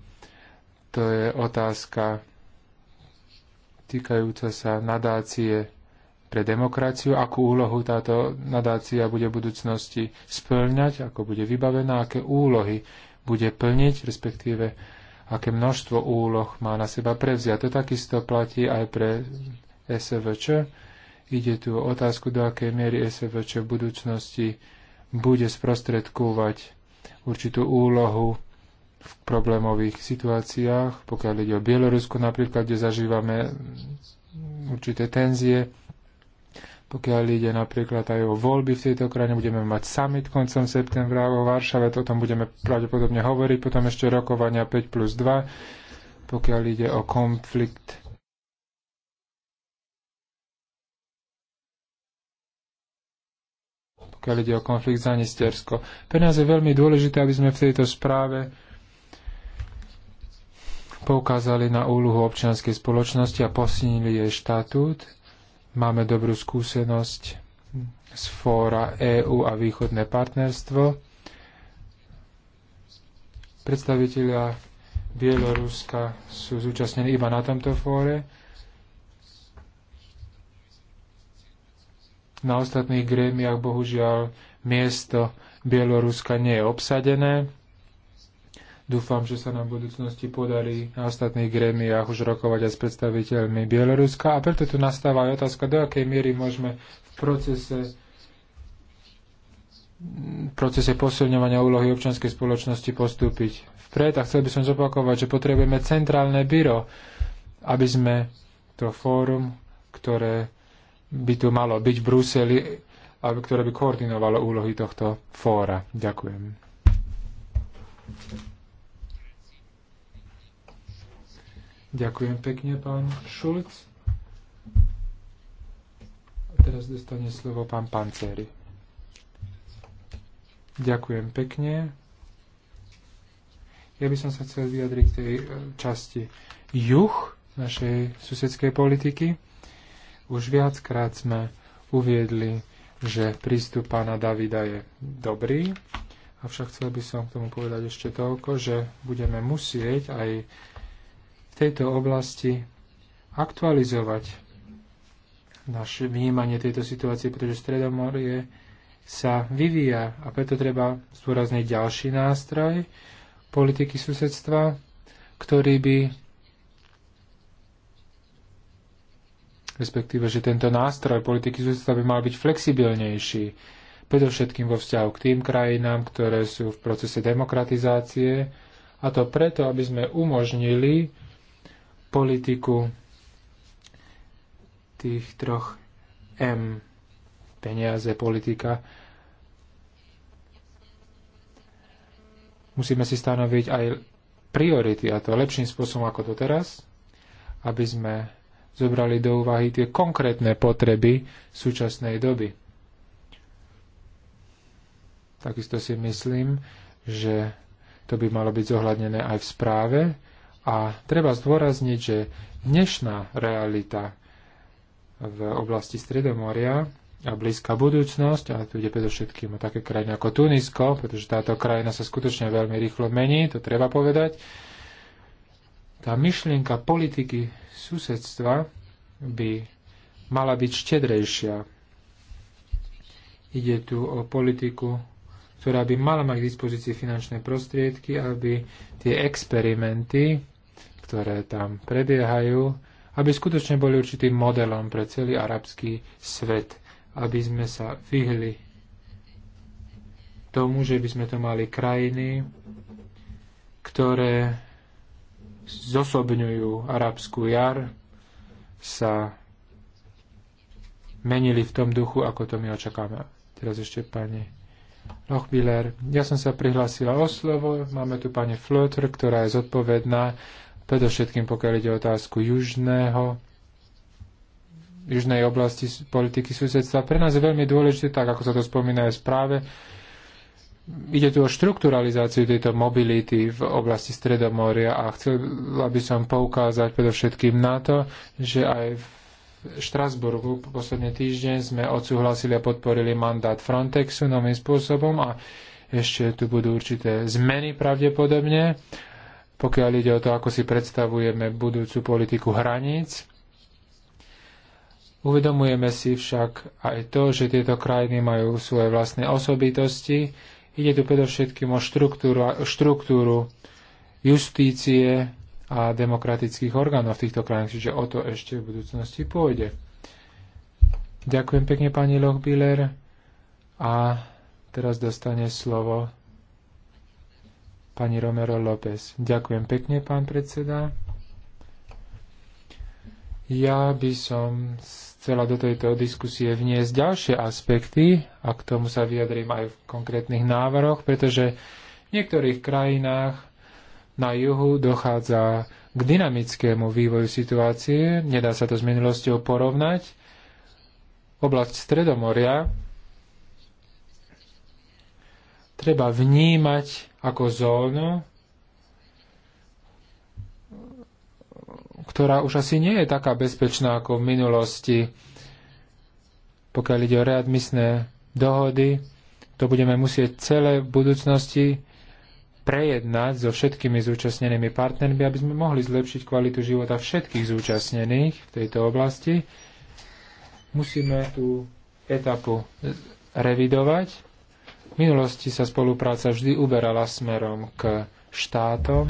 To je otázka týkajúca sa nadácie pre demokraciu, akú úlohu táto nadácia bude v budúcnosti splňať, ako bude vybavená, aké úlohy bude plniť, respektíve aké množstvo úloh má na seba prevziať. To takisto platí aj pre SVČ. Ide tu o otázku, do akej miery SVČ v budúcnosti bude sprostredkovať určitú úlohu v problémových situáciách, pokiaľ ide o Bielorusko napríklad, kde zažívame určité tenzie, pokiaľ ide napríklad aj o voľby v tejto krajine, budeme mať summit koncom septembra vo Varšave, o tom budeme pravdepodobne hovoriť, potom ešte rokovania 5 plus 2, pokiaľ ide o konflikt pokiaľ ide o konflikt za Nistersko. Pre nás je veľmi dôležité, aby sme v tejto správe poukázali na úlohu občianskej spoločnosti a posilnili jej štatút Máme dobrú skúsenosť z fóra EÚ a východné partnerstvo. Predstavitelia Bieloruska sú zúčastnení iba na tomto fóre. Na ostatných grémiach bohužiaľ miesto Bieloruska nie je obsadené. Dúfam, že sa nám v budúcnosti podarí na ostatných grémiách už rokovať aj s predstaviteľmi Bieloruska a preto tu nastáva aj otázka, do akej miery môžeme v procese v procese posilňovania úlohy občianskej spoločnosti postúpiť vpred a chcel by som zopakovať, že potrebujeme centrálne byro, aby sme to fórum, ktoré by tu malo byť v Bruseli, aby, ktoré by koordinovalo úlohy tohto fóra. Ďakujem. Ďakujem pekne, pán Šulc. A teraz dostane slovo pán Pancéry. Ďakujem pekne. Ja by som sa chcel vyjadriť k tej e, časti juh našej susedskej politiky. Už viackrát sme uviedli, že prístup pána Davida je dobrý, avšak chcel by som k tomu povedať ešte toľko, že budeme musieť aj tejto oblasti aktualizovať naše vnímanie tejto situácie, pretože Stredomorie sa vyvíja a preto treba zdôrazniť ďalší nástroj politiky susedstva, ktorý by respektíve, že tento nástroj politiky susedstva by mal byť flexibilnejší, predovšetkým vo vzťahu k tým krajinám, ktoré sú v procese demokratizácie, a to preto, aby sme umožnili politiku tých troch M. Peniaze, politika. Musíme si stanoviť aj priority, a to lepším spôsobom ako doteraz, aby sme zobrali do úvahy tie konkrétne potreby súčasnej doby. Takisto si myslím, že to by malo byť zohľadnené aj v správe, a treba zdôrazniť, že dnešná realita v oblasti Stredomoria a blízka budúcnosť, a tu ide predovšetkým o také krajiny ako Tunisko, pretože táto krajina sa skutočne veľmi rýchlo mení, to treba povedať. Tá myšlienka politiky susedstva by mala byť štedrejšia. Ide tu o politiku, ktorá by mala mať k dispozícii finančné prostriedky, aby tie experimenty, ktoré tam prebiehajú, aby skutočne boli určitým modelom pre celý arabský svet, aby sme sa vyhli tomu, že by sme to mali krajiny, ktoré zosobňujú arabskú jar, sa menili v tom duchu, ako to my očakáme. Teraz ešte pani Lochbiller. Ja som sa prihlásila o slovo. Máme tu pani Flotr, ktorá je zodpovedná Predovšetkým pokiaľ ide o otázku južného, južnej oblasti politiky susedstva. Pre nás je veľmi dôležité, tak ako sa to spomína aj v správe, ide tu o štrukturalizáciu tejto mobility v oblasti Stredomoria a chcela by som poukázať predovšetkým na to, že aj v Štrasburgu posledný týždeň sme odsúhlasili a podporili mandát Frontexu novým spôsobom a ešte tu budú určité zmeny pravdepodobne pokiaľ ide o to, ako si predstavujeme budúcu politiku hraníc. Uvedomujeme si však aj to, že tieto krajiny majú svoje vlastné osobitosti. Ide tu predovšetkým o štruktúru, štruktúru justície a demokratických orgánov v týchto krajinách, čiže o to ešte v budúcnosti pôjde. Ďakujem pekne pani Lochbiller a teraz dostane slovo pani Romero López. Ďakujem pekne, pán predseda. Ja by som chcela do tejto diskusie vniesť ďalšie aspekty a k tomu sa vyjadrím aj v konkrétnych návrhoch, pretože v niektorých krajinách na juhu dochádza k dynamickému vývoju situácie, nedá sa to s minulosťou porovnať. Oblasť Stredomoria treba vnímať ako zónu, ktorá už asi nie je taká bezpečná ako v minulosti. Pokiaľ ide o readmisné dohody, to budeme musieť celé v budúcnosti prejednať so všetkými zúčastnenými partnermi, aby sme mohli zlepšiť kvalitu života všetkých zúčastnených v tejto oblasti. Musíme tú etapu revidovať minulosti sa spolupráca vždy uberala smerom k štátom,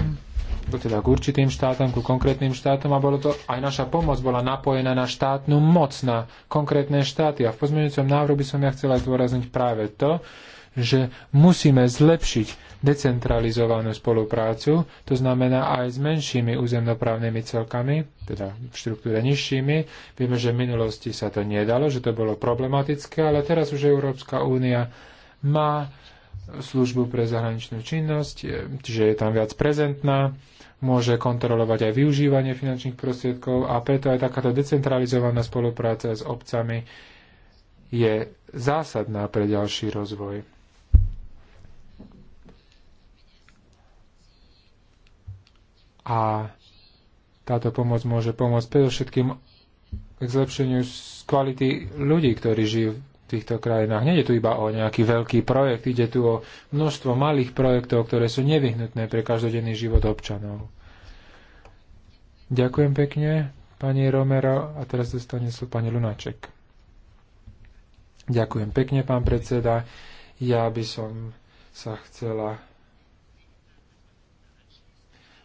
teda k určitým štátom, ku konkrétnym štátom a bolo to, aj naša pomoc bola napojená na štátnu moc, na konkrétne štáty. A v pozmeňujúcom návrhu by som ja chcela zdôrazniť práve to, že musíme zlepšiť decentralizovanú spoluprácu, to znamená aj s menšími územnoprávnymi celkami, teda v štruktúre nižšími. Vieme, že v minulosti sa to nedalo, že to bolo problematické, ale teraz už Európska únia má službu pre zahraničnú činnosť, čiže je tam viac prezentná, môže kontrolovať aj využívanie finančných prostriedkov a preto aj takáto decentralizovaná spolupráca s obcami je zásadná pre ďalší rozvoj. A táto pomoc môže pomôcť predovšetkým k zlepšeniu kvality ľudí, ktorí žijú týchto krajinách. Nede tu iba o nejaký veľký projekt, ide tu o množstvo malých projektov, ktoré sú nevyhnutné pre každodenný život občanov. Ďakujem pekne, pani Romero, a teraz dostane sú pani Lunaček. Ďakujem pekne, pán predseda. Ja by som sa chcela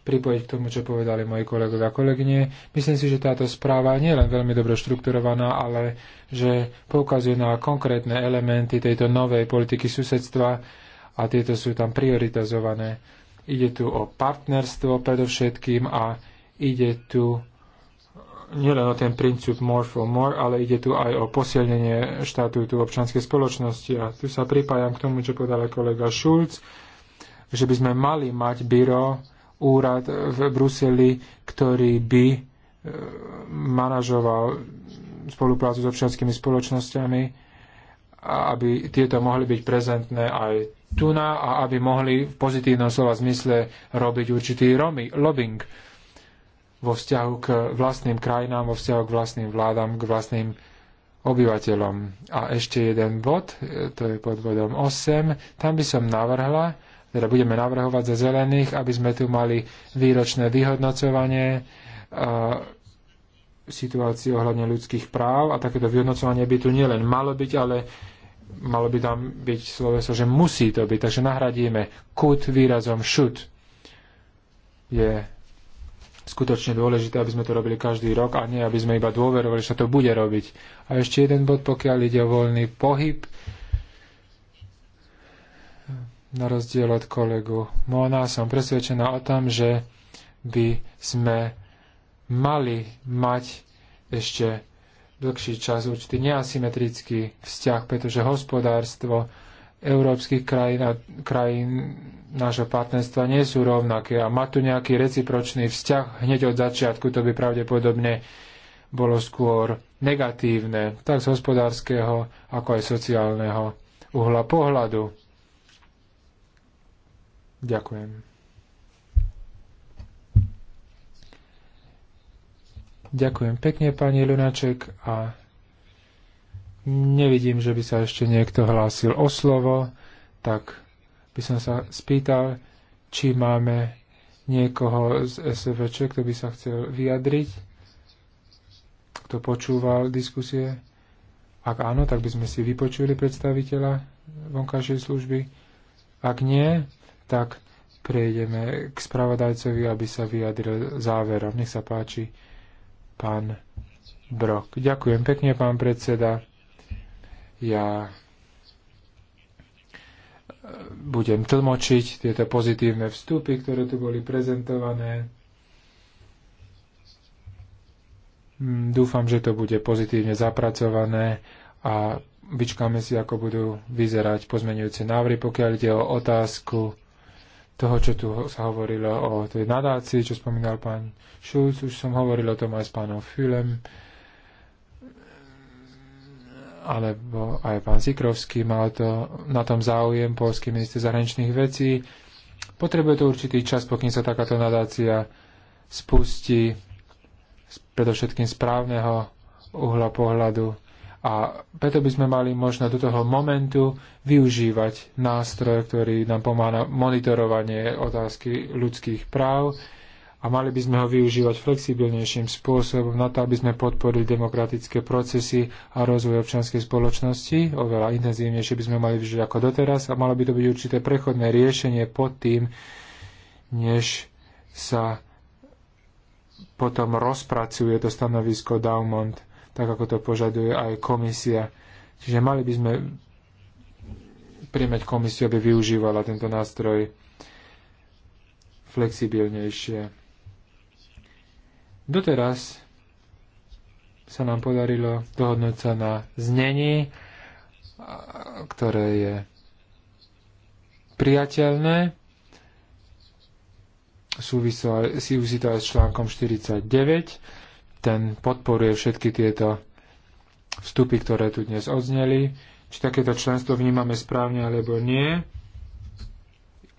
pripojiť k tomu, čo povedali moji kolegovia a kolegyne. Myslím si, že táto správa nie je len veľmi dobre štrukturovaná, ale že poukazuje na konkrétne elementy tejto novej politiky susedstva a tieto sú tam prioritizované. Ide tu o partnerstvo predovšetkým a ide tu nielen o ten princíp more for more, ale ide tu aj o posilnenie tu občanskej spoločnosti. A tu sa pripájam k tomu, čo povedal kolega Schulz, že by sme mali mať byro úrad v Bruseli, ktorý by e, manažoval spoluprácu s občianskými spoločnosťami, aby tieto mohli byť prezentné aj tu na a aby mohli v pozitívnom slova zmysle robiť určitý lobbying vo vzťahu k vlastným krajinám, vo vzťahu k vlastným vládam, k vlastným obyvateľom. A ešte jeden bod, e, to je pod bodom 8, tam by som navrhla, teda budeme navrhovať za zelených, aby sme tu mali výročné vyhodnocovanie situácie ohľadne ľudských práv a takéto vyhodnocovanie by tu nielen malo byť, ale malo by tam byť sloveso, že musí to byť. Takže nahradíme kut výrazom should. Je skutočne dôležité, aby sme to robili každý rok a nie, aby sme iba dôverovali, že sa to bude robiť. A ešte jeden bod, pokiaľ ide o voľný pohyb na rozdiel od kolegu Mona, som presvedčená o tom, že by sme mali mať ešte dlhší čas určitý neasymetrický vzťah, pretože hospodárstvo európskych krajín a krajín nášho partnerstva nie sú rovnaké a má tu nejaký recipročný vzťah hneď od začiatku, to by pravdepodobne bolo skôr negatívne, tak z hospodárskeho, ako aj sociálneho uhla pohľadu. Ďakujem. Ďakujem pekne, pani Lunaček, a nevidím, že by sa ešte niekto hlásil o slovo, tak by som sa spýtal, či máme niekoho z SVČ, kto by sa chcel vyjadriť, kto počúval diskusie. Ak áno, tak by sme si vypočuli predstaviteľa vonkajšej služby. Ak nie, tak prejdeme k spravodajcovi, aby sa vyjadril záverom. Nech sa páči, pán Brok. Ďakujem pekne, pán predseda. Ja budem tlmočiť tieto pozitívne vstupy, ktoré tu boli prezentované. Mm, dúfam, že to bude pozitívne zapracované a vyčkáme si, ako budú vyzerať pozmenujúce návry, pokiaľ ide o otázku toho, čo tu sa hovorilo o tej nadácii, čo spomínal pán Šulc, už som hovoril o tom aj s pánom Fülem, alebo aj pán Zikrovský mal to, na tom záujem, polský minister zahraničných vecí. Potrebuje to určitý čas, pokým sa takáto nadácia spustí, predovšetkým správneho uhla pohľadu a preto by sme mali možno do toho momentu využívať nástroj, ktorý nám pomáha na monitorovanie otázky ľudských práv a mali by sme ho využívať flexibilnejším spôsobom na to, aby sme podporili demokratické procesy a rozvoj občianskej spoločnosti. Oveľa intenzívnejšie by sme mali využiť ako doteraz a malo by to byť určité prechodné riešenie pod tým, než sa potom rozpracuje to stanovisko Daumont tak ako to požaduje aj komisia. Čiže mali by sme príjmať komisiu, aby využívala tento nástroj flexibilnejšie. Doteraz sa nám podarilo dohodnúť sa na znení, ktoré je priateľné. Súvisí to aj s článkom 49 ten podporuje všetky tieto vstupy, ktoré tu dnes odzneli. Či takéto členstvo vnímame správne alebo nie.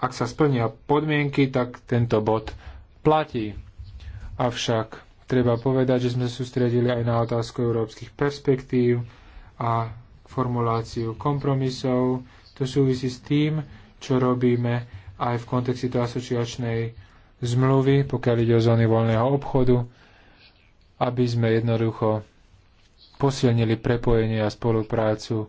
Ak sa splnia podmienky, tak tento bod platí. Avšak treba povedať, že sme sústredili aj na otázku európskych perspektív a formuláciu kompromisov. To súvisí s tým, čo robíme aj v kontexte asociačnej zmluvy, pokiaľ ide o zóny voľného obchodu aby sme jednoducho posilnili prepojenie a spoluprácu.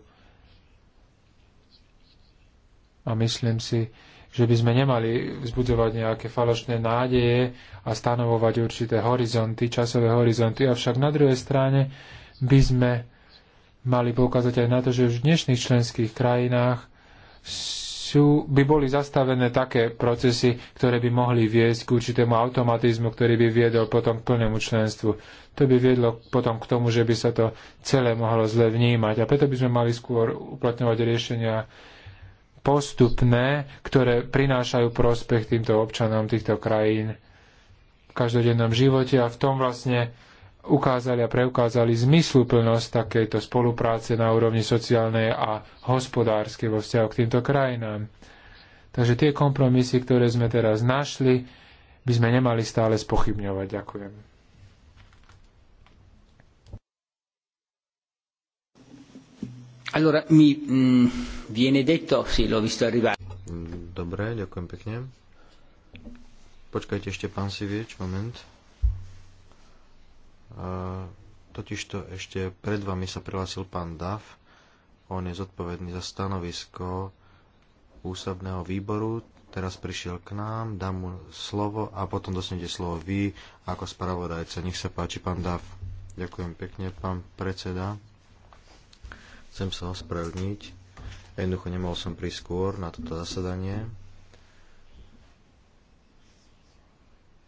A myslím si, že by sme nemali vzbudzovať nejaké falošné nádeje a stanovovať určité horizonty, časové horizonty. Avšak na druhej strane by sme mali poukázať aj na to, že už v dnešných členských krajinách sú, by boli zastavené také procesy, ktoré by mohli viesť k určitému automatizmu, ktorý by viedol potom k plnému členstvu. To by viedlo potom k tomu, že by sa to celé mohlo zle vnímať. A preto by sme mali skôr uplatňovať riešenia postupné, ktoré prinášajú prospech týmto občanom týchto krajín v každodennom živote a v tom vlastne ukázali a preukázali zmysluplnosť takejto spolupráce na úrovni sociálnej a hospodárskej vo vzťahu k týmto krajinám. Takže tie kompromisy, ktoré sme teraz našli, by sme nemali stále spochybňovať. Ďakujem. Allora, mi mh, mm, viene detto, sì, l'ho visto arrivare. Mm, dobre, ďakujem pekne. Počkajte ešte, pán Sivieč, moment. Totižto ešte pred vami sa prihlásil pán Dav. On je zodpovedný za stanovisko úsobného výboru. Teraz prišiel k nám, dám mu slovo a potom dostanete slovo vy ako spravodajca. Nech sa páči, pán Dav. Ďakujem pekne, pán predseda. Chcem sa ospravedlniť. Jednoducho nemohol som prísť skôr na toto zasadanie.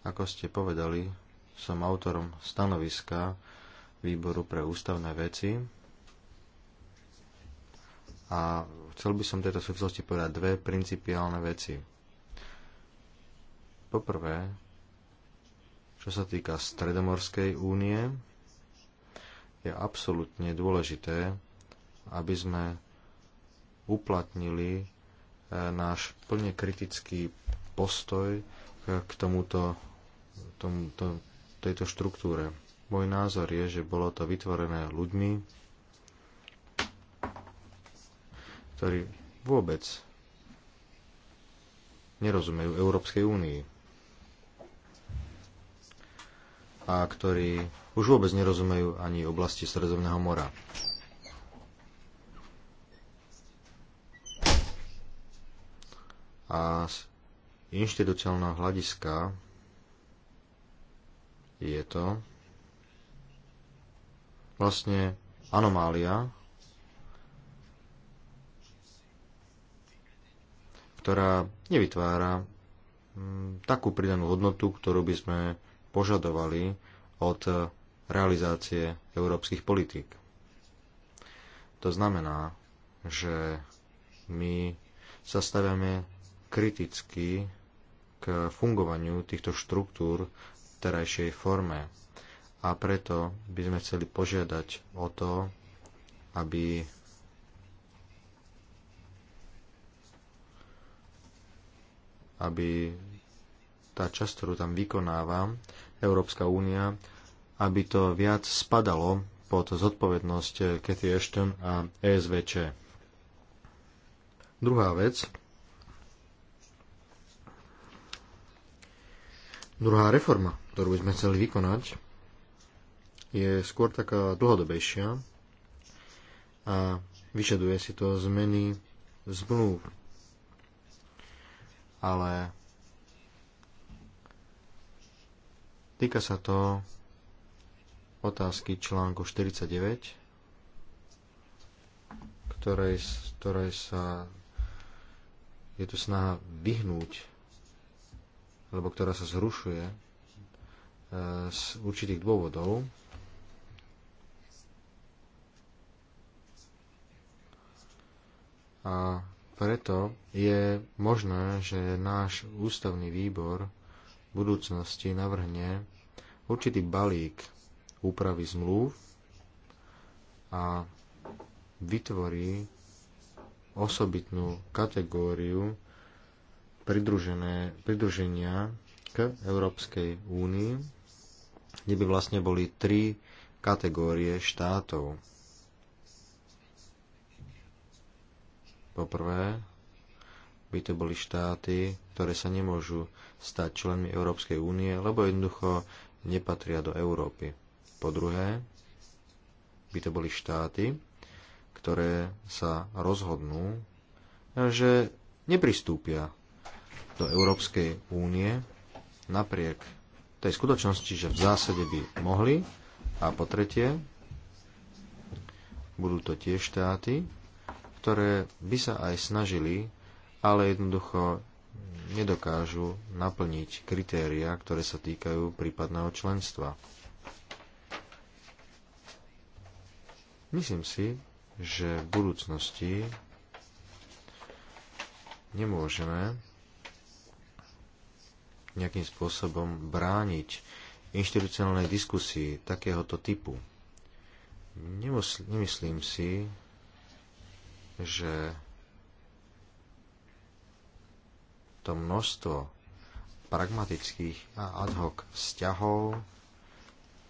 Ako ste povedali, som autorom stanoviska výboru pre ústavné veci a chcel by som v tejto súvislosti povedať dve principiálne veci. Poprvé, čo sa týka Stredomorskej únie, je absolútne dôležité, aby sme uplatnili e, náš plne kritický postoj k tomuto, tomuto tejto štruktúre. Môj názor je, že bolo to vytvorené ľuďmi, ktorí vôbec nerozumejú Európskej únii a ktorí už vôbec nerozumejú ani oblasti Sredozemného mora. A z inštitucionálneho hľadiska je to vlastne anomália, ktorá nevytvára mm, takú pridanú hodnotu, ktorú by sme požadovali od realizácie európskych politík. To znamená, že my sa staviame kriticky k fungovaniu týchto štruktúr terajšej forme. A preto by sme chceli požiadať o to, aby aby tá časť, ktorú tam vykonáva Európska únia, aby to viac spadalo pod zodpovednosť Cathy Ashton a ESVČ. Druhá vec, Druhá reforma, ktorú by sme chceli vykonať, je skôr taká dlhodobejšia a vyžaduje si to zmeny zmluv. Ale týka sa to otázky článku 49, ktorej, ktorej sa je tu snaha vyhnúť alebo ktorá sa zrušuje e, z určitých dôvodov. A preto je možné, že náš ústavný výbor v budúcnosti navrhne určitý balík úpravy zmluv a vytvorí osobitnú kategóriu pridružené, pridruženia k Európskej únii, kde by vlastne boli tri kategórie štátov. Poprvé by to boli štáty, ktoré sa nemôžu stať členmi Európskej únie, lebo jednoducho nepatria do Európy. Po druhé, by to boli štáty, ktoré sa rozhodnú, že nepristúpia do Európskej únie napriek tej skutočnosti, že v zásade by mohli. A po tretie, budú to tie štáty, ktoré by sa aj snažili, ale jednoducho nedokážu naplniť kritéria, ktoré sa týkajú prípadného členstva. Myslím si, že v budúcnosti nemôžeme nejakým spôsobom brániť inštitucionálnej diskusii takéhoto typu. Nemyslím si, že to množstvo pragmatických a ad hoc vzťahov,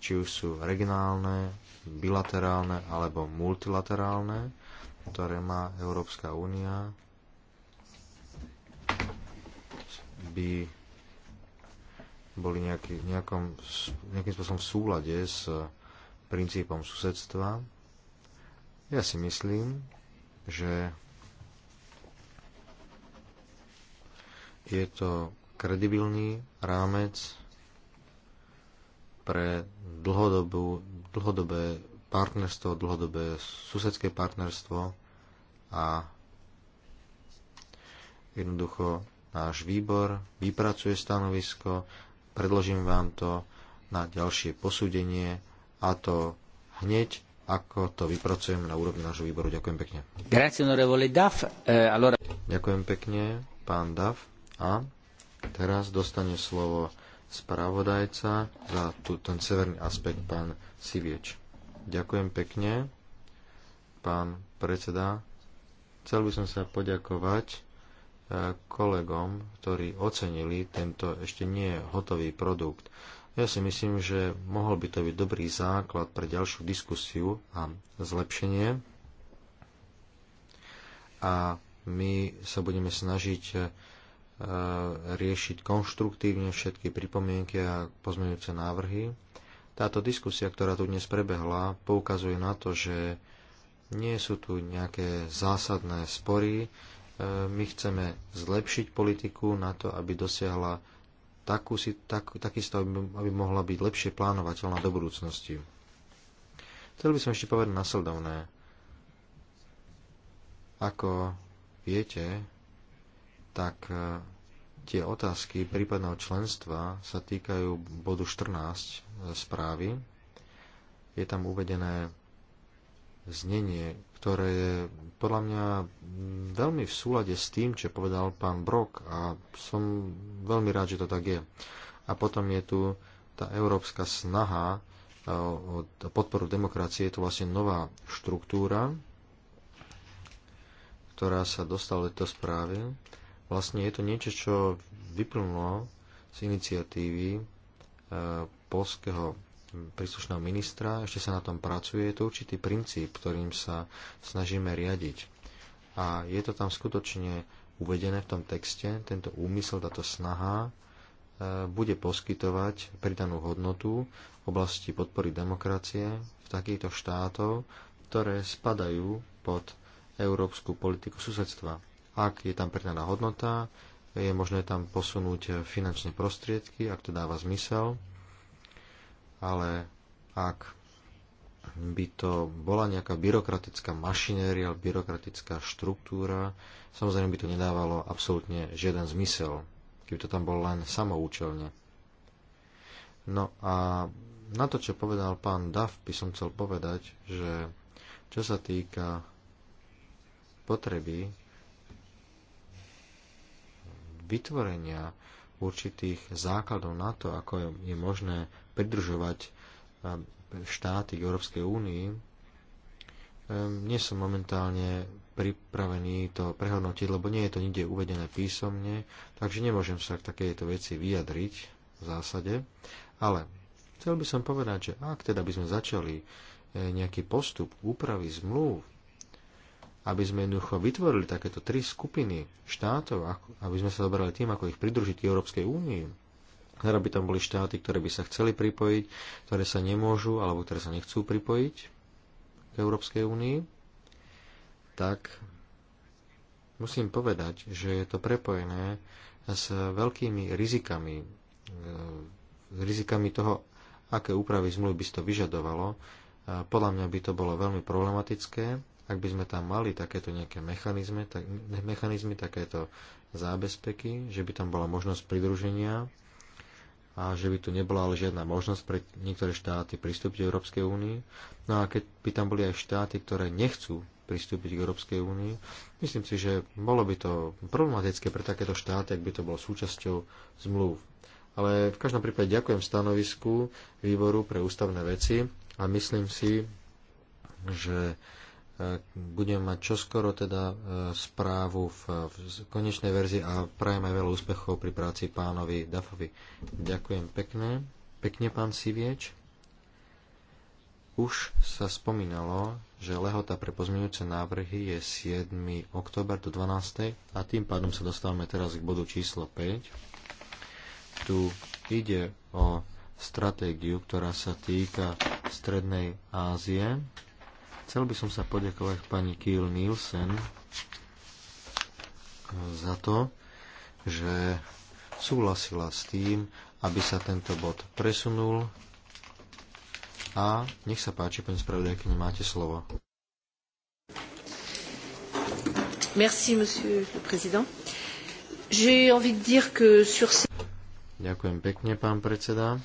či už sú regionálne, bilaterálne alebo multilaterálne, ktoré má Európska únia, by boli nejaký, nejakom, nejakým spôsobom v súlade s eh, princípom susedstva. Ja si myslím, že je to kredibilný rámec pre dlhodobú, dlhodobé partnerstvo, dlhodobé susedské partnerstvo a jednoducho náš výbor vypracuje stanovisko, predložím vám to na ďalšie posúdenie a to hneď ako to vypracujem na úrovni nášho výboru. Ďakujem pekne. Eh, Ďakujem pekne, pán Daf. A teraz dostane slovo spravodajca za tú, ten severný aspekt, pán Sivieč. Ďakujem pekne, pán predseda. Chcel by som sa poďakovať kolegom, ktorí ocenili tento ešte nie hotový produkt. Ja si myslím, že mohol by to byť dobrý základ pre ďalšiu diskusiu a zlepšenie. A my sa budeme snažiť e, riešiť konštruktívne všetky pripomienky a pozmeňujúce návrhy. Táto diskusia, ktorá tu dnes prebehla, poukazuje na to, že nie sú tu nejaké zásadné spory, E, my chceme zlepšiť politiku na to, aby dosiahla takú, tak, taký stav, aby mohla byť lepšie plánovateľná do budúcnosti. Chcel by som ešte povedať nasledovné. Ako viete, tak e, tie otázky prípadného členstva sa týkajú bodu 14 e, správy. Je tam uvedené znenie ktoré je podľa mňa mm, veľmi v súlade s tým, čo povedal pán Brok a som veľmi rád, že to tak je. A potom je tu tá európska snaha e, o podporu demokracie, je to vlastne nová štruktúra, ktorá sa dostala do správy. Vlastne je to niečo, čo vyplnulo z iniciatívy e, polského príslušného ministra, ešte sa na tom pracuje, je to určitý princíp, ktorým sa snažíme riadiť. A je to tam skutočne uvedené v tom texte, tento úmysel, táto snaha e, bude poskytovať pridanú hodnotu v oblasti podpory demokracie v takýchto štátov, ktoré spadajú pod európsku politiku susedstva. Ak je tam pridaná hodnota, je možné tam posunúť finančné prostriedky, ak to dáva zmysel ale ak by to bola nejaká byrokratická mašinéria, byrokratická štruktúra, samozrejme by to nedávalo absolútne žiaden zmysel, keby to tam bolo len samoučelne. No a na to, čo povedal pán Duff, by som chcel povedať, že čo sa týka potreby vytvorenia určitých základov na to, ako je možné pridržovať eh, štáty k Európskej únii, nie som momentálne pripravený to prehodnotiť, lebo nie je to nikde uvedené písomne, takže nemôžem sa k takéto veci vyjadriť v zásade. Ale chcel by som povedať, že ak teda by sme začali eh, nejaký postup úpravy zmluv, aby sme jednoducho vytvorili takéto tri skupiny štátov, aby sme sa dobrali tým, ako ich pridružiť k Európskej únii, teda by tam boli štáty, ktoré by sa chceli pripojiť, ktoré sa nemôžu alebo ktoré sa nechcú pripojiť k Európskej únii, tak musím povedať, že je to prepojené s veľkými rizikami, e, rizikami toho, aké úpravy zmluvy by si to vyžadovalo. E, podľa mňa by to bolo veľmi problematické, ak by sme tam mali takéto nejaké mechanizmy, tak, mechanizmy takéto zábezpeky, že by tam bola možnosť pridruženia a že by tu nebola ale žiadna možnosť pre niektoré štáty pristúpiť k Európskej únii. No a keď by tam boli aj štáty, ktoré nechcú pristúpiť k Európskej únii, myslím si, že bolo by to problematické pre takéto štáty, ak by to bolo súčasťou zmluv. Ale v každom prípade ďakujem stanovisku výboru pre ústavné veci a myslím si, že Budeme mať čoskoro teda e, správu v, v konečnej verzii a prajem aj veľa úspechov pri práci pánovi Dafovi. Ďakujem pekne. Pekne pán Sivieč. Už sa spomínalo, že lehota pre pozmeňujúce návrhy je 7. október do 12. a tým pádom sa dostávame teraz k bodu číslo 5. Tu ide o stratégiu, ktorá sa týka Strednej Ázie Chcel by som sa poďakovať pani Kiel Nielsen za to, že súhlasila s tým, aby sa tento bod presunul. A nech sa páči, pani spravodajky, máte slovo. Merci, monsieur le président. J'ai envie de dire que sur ce... Ďakujem pekne, pán predseda.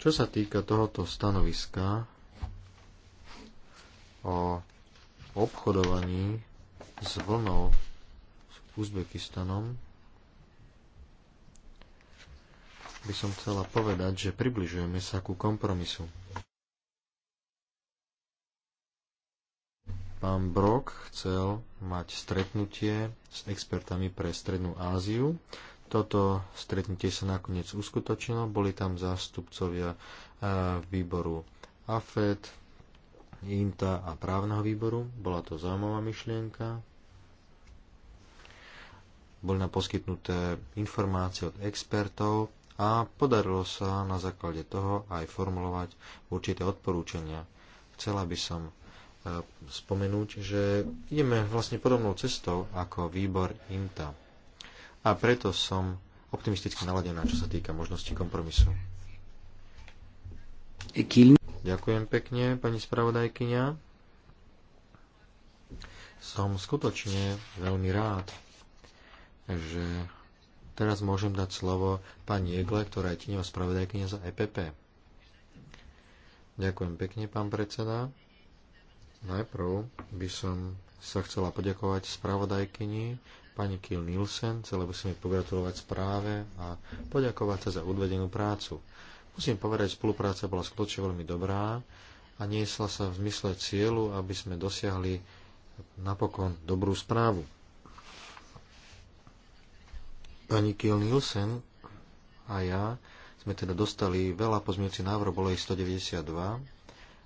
Čo sa týka tohoto stanoviska, o obchodovaní s vlnou s Uzbekistanom by som chcela povedať, že približujeme sa ku kompromisu. Pán Brok chcel mať stretnutie s expertami pre Strednú Áziu. Toto stretnutie sa nakoniec uskutočnilo. Boli tam zástupcovia eh, výboru AFED, INTA a právneho výboru. Bola to zaujímavá myšlienka. Boli nám poskytnuté informácie od expertov a podarilo sa na základe toho aj formulovať určité odporúčania. Chcela by som eh, spomenúť, že ideme vlastne podobnou cestou ako výbor INTA. A preto som optimisticky naladená, čo sa týka možnosti kompromisu. Ďakujem pekne, pani spravodajkyňa. Som skutočne veľmi rád, že teraz môžem dať slovo pani Jegle, ktorá je tieňová spravodajkynia za EPP. Ďakujem pekne, pán predseda. Najprv by som sa chcela poďakovať spravodajkyni pani Kiel Nielsen, chcela by som jej pogratulovať správe a poďakovať sa za odvedenú prácu. Musím povedať, spolupráca bola skutočne veľmi dobrá a niesla sa v zmysle cieľu, aby sme dosiahli napokon dobrú správu. Pani Kiel Nielsen a ja sme teda dostali veľa pozmienci návrhov, bolo ich 192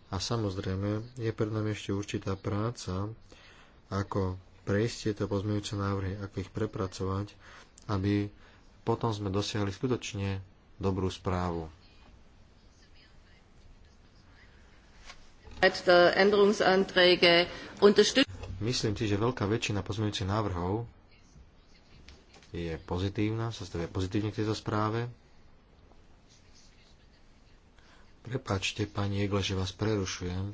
a samozrejme je pred nami ešte určitá práca, ako prejsť tieto pozmiecich návrhy, ako ich prepracovať, aby potom sme dosiahli skutočne dobrú správu. Myslím si, že veľká väčšina pozmeňujúcich návrhov je pozitívna, sa stavia pozitívne k tejto správe. Prepačte, pani Egle, že vás prerušujem.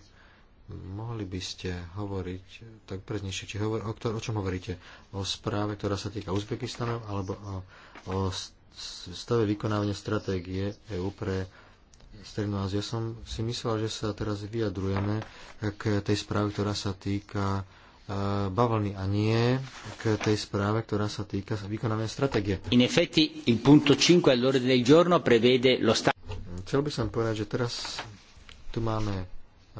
Mohli by ste hovoriť tak preznejšie, či hovor, o, ktor, o čom hovoríte? O správe, ktorá sa týka Uzbekistanu, alebo o, o stave vykonávania stratégie EU pre 17. Ja som si myslel, že sa teraz vyjadrujeme k tej správe, ktorá sa týka e, bavlny a nie k tej správe, ktorá sa týka vykonávania stratégie. In effetti il punto 5 all'ordine del giorno prevede lo stato. Chcel by som povedať, že teraz tu máme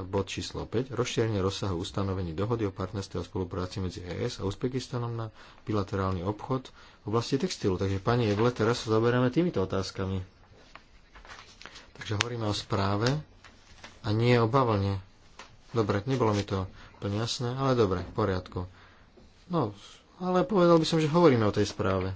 bod číslo 5, rozšírenie rozsahu ustanovení dohody o partnerstve a spolupráci medzi ES a Uzbekistanom na bilaterálny obchod v oblasti textilu. Takže pani Evle, teraz sa zoberieme týmito otázkami. Takže hovoríme o správe a nie o bavlne. Dobre, nebolo mi to úplne jasné, ale dobre, v poriadku. No, ale povedal by som, že hovoríme o tej správe.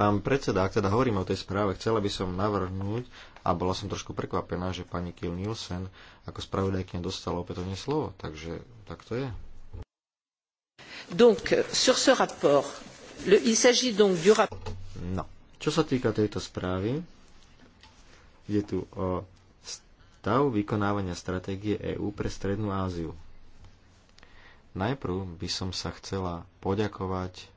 Pán predseda, ak teda hovoríme o tej správe, chcela by som navrhnúť, a bola som trošku prekvapená, že pani Kiel Nielsen ako spravodajkňa dostala opätovne slovo. Takže tak to je. Donc, sur ce rapport, No, čo sa týka tejto správy, je tu o stav vykonávania stratégie EÚ pre Strednú Áziu. Najprv by som sa chcela poďakovať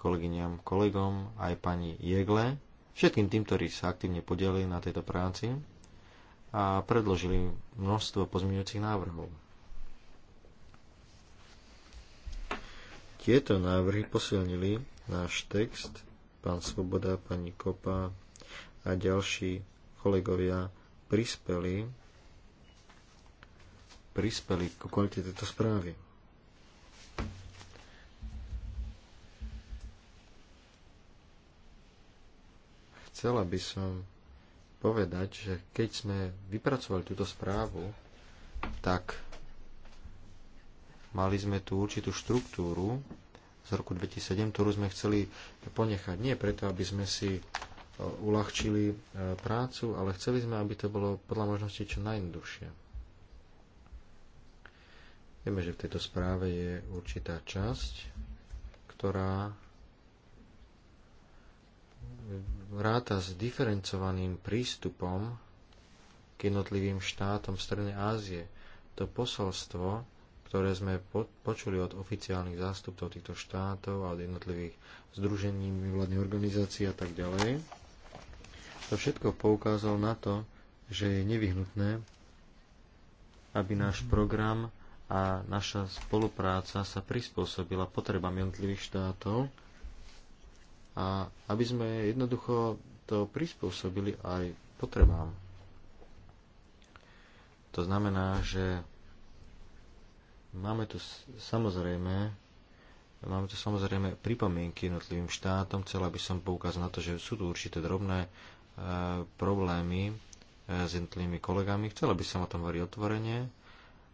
kolegyňam, kolegom, aj pani Jegle, všetkým tým, ktorí sa aktívne podielili na tejto práci a predložili množstvo pozmeňujúcich návrhov. Tieto návrhy posilnili náš text, pán Svoboda, pani Kopa a ďalší kolegovia prispeli, prispeli k kvalite tejto správy. Chcela by som povedať, že keď sme vypracovali túto správu, tak Mali sme tú určitú štruktúru z roku 2007, ktorú sme chceli ponechať. Nie preto, aby sme si e, uľahčili e, prácu, ale chceli sme, aby to bolo podľa možnosti čo najjednoduchšie. Vieme, že v tejto správe je určitá časť, ktorá ráta s diferencovaným prístupom k jednotlivým štátom Strednej Ázie. To posolstvo ktoré sme počuli od oficiálnych zástupcov týchto štátov a od jednotlivých združení, mimovládnych organizácií a tak ďalej. To všetko poukázalo na to, že je nevyhnutné, aby náš program a naša spolupráca sa prispôsobila potrebám jednotlivých štátov a aby sme jednoducho to prispôsobili aj potrebám. To znamená, že Máme tu samozrejme Máme tu samozrejme pripomienky jednotlivým štátom. Chcela by som poukázať na to, že sú tu určité drobné e, problémy e, s jednotlivými kolegami. Chcela by som o tom hovoriť otvorene.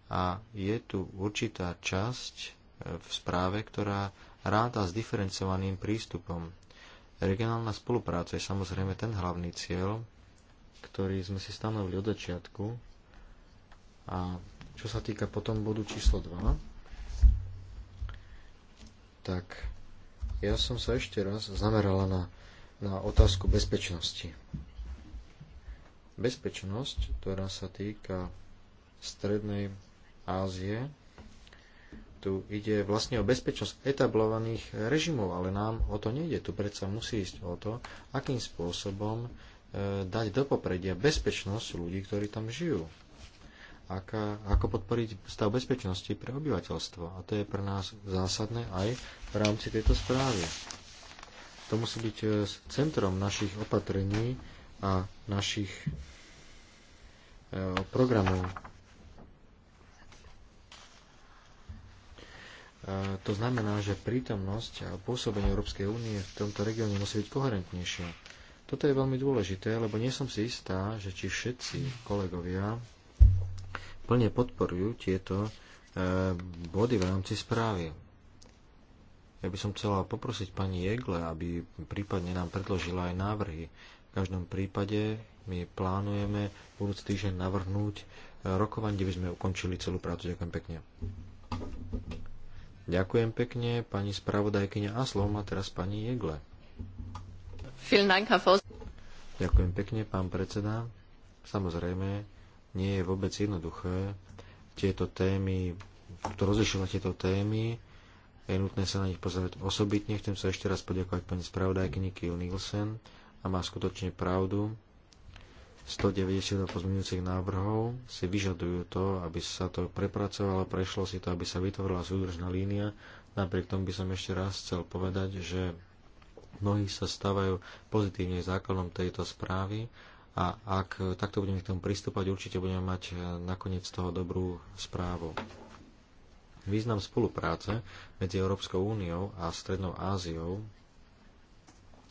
A je tu určitá časť e, v správe, ktorá ráta s diferencovaným prístupom. Regionálna spolupráca je samozrejme ten hlavný cieľ, ktorý sme si stanovili od začiatku. A čo sa týka potom bodu číslo 2, tak ja som sa ešte raz zamerala na, na otázku bezpečnosti. Bezpečnosť, ktorá sa týka Strednej Ázie, tu ide vlastne o bezpečnosť etablovaných režimov, ale nám o to nejde. Tu predsa musí ísť o to, akým spôsobom e, dať do popredia bezpečnosť ľudí, ktorí tam žijú aká, ako podporiť stav bezpečnosti pre obyvateľstvo. A to je pre nás zásadné aj v rámci tejto správy. To musí byť e, centrom našich opatrení a našich e, programov. E, to znamená, že prítomnosť a pôsobenie Európskej únie v tomto regióne musí byť koherentnejšia. Toto je veľmi dôležité, lebo nie som si istá, že či všetci kolegovia plne podporujú tieto e, body v rámci správy. Ja by som chcela poprosiť pani Jegle, aby prípadne nám predložila aj návrhy. V každom prípade my plánujeme budúci týždeň navrhnúť e, rokovanie, kde by sme ukončili celú prácu. Ďakujem pekne. Ďakujem pekne pani spravodajkyňa a slovo má teraz pani Jegle. Ďakujem pekne, pán predseda. Samozrejme, nie je vôbec jednoduché tieto témy, rozlišovať tieto témy, je nutné sa na nich pozerať osobitne. Chcem sa ešte raz poďakovať pani spravodajkyni Niky Nielsen a má skutočne pravdu. 190 pozmeňujúcich návrhov si vyžadujú to, aby sa to prepracovalo, prešlo si to, aby sa vytvorila súdržná línia. Napriek tomu by som ešte raz chcel povedať, že mnohí sa stávajú pozitívne základom tejto správy a ak takto budeme k tomu pristúpať, určite budeme mať e, nakoniec toho dobrú správu. Význam spolupráce medzi Európskou úniou a Strednou Áziou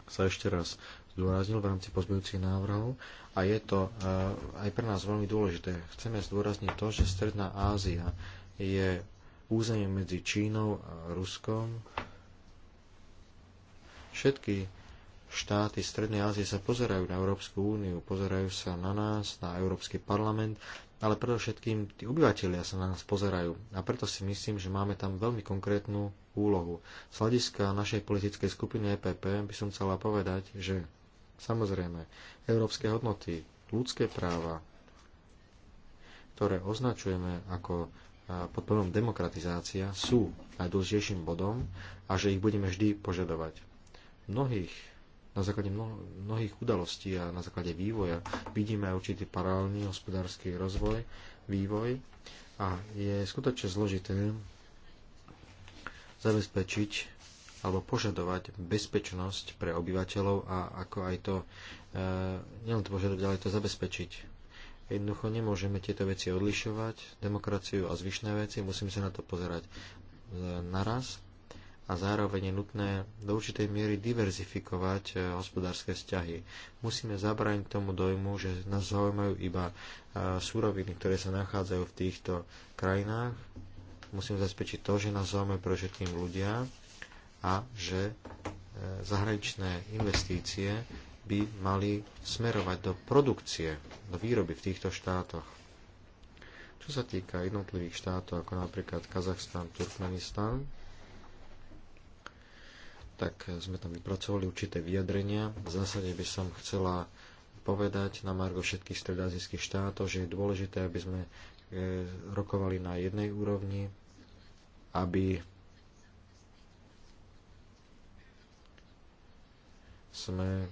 sa ešte raz zdôraznil v rámci pozbývacích návrhov a je to e, aj pre nás veľmi dôležité. Chceme zdôrazniť to, že Stredná Ázia je územie medzi Čínou a Ruskom. Všetky štáty Strednej Ázie sa pozerajú na Európsku úniu, pozerajú sa na nás, na Európsky parlament, ale predovšetkým tí obyvateľia sa na nás pozerajú. A preto si myslím, že máme tam veľmi konkrétnu úlohu. Z hľadiska našej politickej skupiny EPP by som chcela povedať, že samozrejme európske hodnoty, ľudské práva, ktoré označujeme ako pod pojmom demokratizácia, sú najdôležitejším bodom a že ich budeme vždy požadovať. V mnohých na základe mnohých udalostí a na základe vývoja vidíme aj určitý paralelný hospodársky rozvoj, vývoj a je skutočne zložité zabezpečiť alebo požadovať bezpečnosť pre obyvateľov a ako aj to, e, nielen to požadovať, ale aj to zabezpečiť. Jednoducho nemôžeme tieto veci odlišovať, demokraciu a zvyšné veci, musíme sa na to pozerať e, naraz a zároveň je nutné do určitej miery diverzifikovať e, hospodárske vzťahy. Musíme zabrániť tomu dojmu, že nás zaujímajú iba e, súroviny, ktoré sa nachádzajú v týchto krajinách. Musíme zabezpečiť to, že nás zaujímajú pre všetkým ľudia a že e, zahraničné investície by mali smerovať do produkcie, do výroby v týchto štátoch. Čo sa týka jednotlivých štátov, ako napríklad Kazachstan, Turkmenistan, tak sme tam vypracovali určité vyjadrenia. V zásade by som chcela povedať na margo všetkých stredazijských štátov, že je dôležité, aby sme e, rokovali na jednej úrovni, aby sme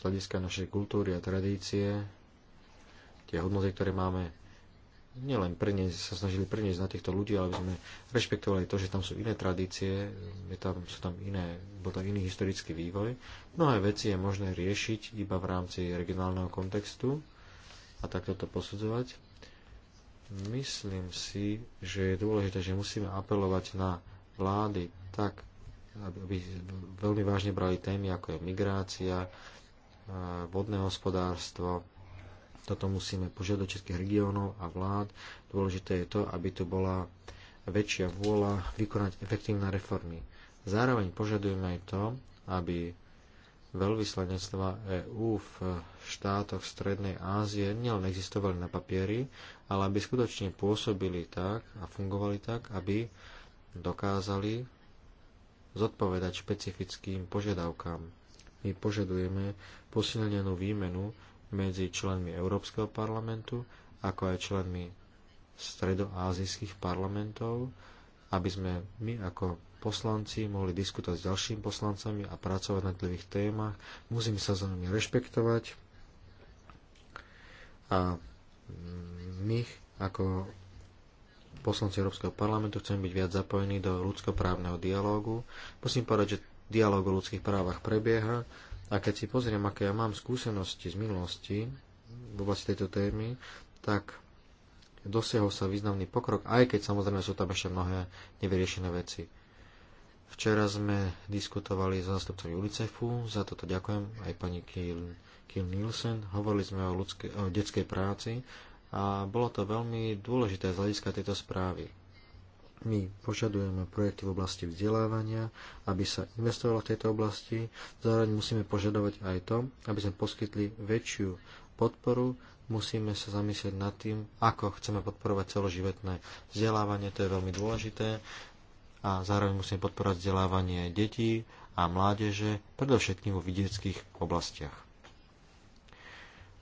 z hľadiska našej kultúry a tradície tie hodnoty, ktoré máme nielen preniesť, sa snažili preniesť na týchto ľudí, ale aby sme rešpektovali to, že tam sú iné tradície, je tam, sú tam iné, bol tam iný historický vývoj. Mnohé veci je možné riešiť iba v rámci regionálneho kontextu a takto to posudzovať. Myslím si, že je dôležité, že musíme apelovať na vlády tak, aby veľmi vážne brali témy, ako je migrácia, vodné hospodárstvo, toto musíme požiadať všetkých regiónov a vlád. Dôležité je to, aby tu bola väčšia vôľa vykonať efektívne reformy. Zároveň požadujeme aj to, aby veľvyslanectva EÚ v štátoch Strednej Ázie nielen existovali na papieri, ale aby skutočne pôsobili tak a fungovali tak, aby dokázali zodpovedať špecifickým požiadavkám. My požadujeme posilnenú výmenu medzi členmi Európskeho parlamentu, ako aj členmi stredoázijských parlamentov, aby sme my ako poslanci mohli diskutovať s ďalšími poslancami a pracovať na tlivých témach. Musíme sa za nami rešpektovať a my ako poslanci Európskeho parlamentu chceme byť viac zapojení do ľudskoprávneho dialógu. Musím povedať, že dialóg o ľudských právach prebieha a keď si pozriem, aké ja mám skúsenosti z minulosti v oblasti tejto témy, tak dosiahol sa významný pokrok, aj keď samozrejme sú tam ešte mnohé nevyriešené veci. Včera sme diskutovali s zástupcami UNICEFu, za toto ďakujem aj pani Kiel, Kiel Nielsen. Hovorili sme o, ľudské, o detskej práci a bolo to veľmi dôležité z hľadiska tejto správy my požadujeme projekty v oblasti vzdelávania, aby sa investovalo v tejto oblasti. Zároveň musíme požadovať aj to, aby sme poskytli väčšiu podporu. Musíme sa zamyslieť nad tým, ako chceme podporovať celoživotné vzdelávanie, to je veľmi dôležité. A zároveň musíme podporovať vzdelávanie detí a mládeže, predovšetkým vo vidieckých oblastiach.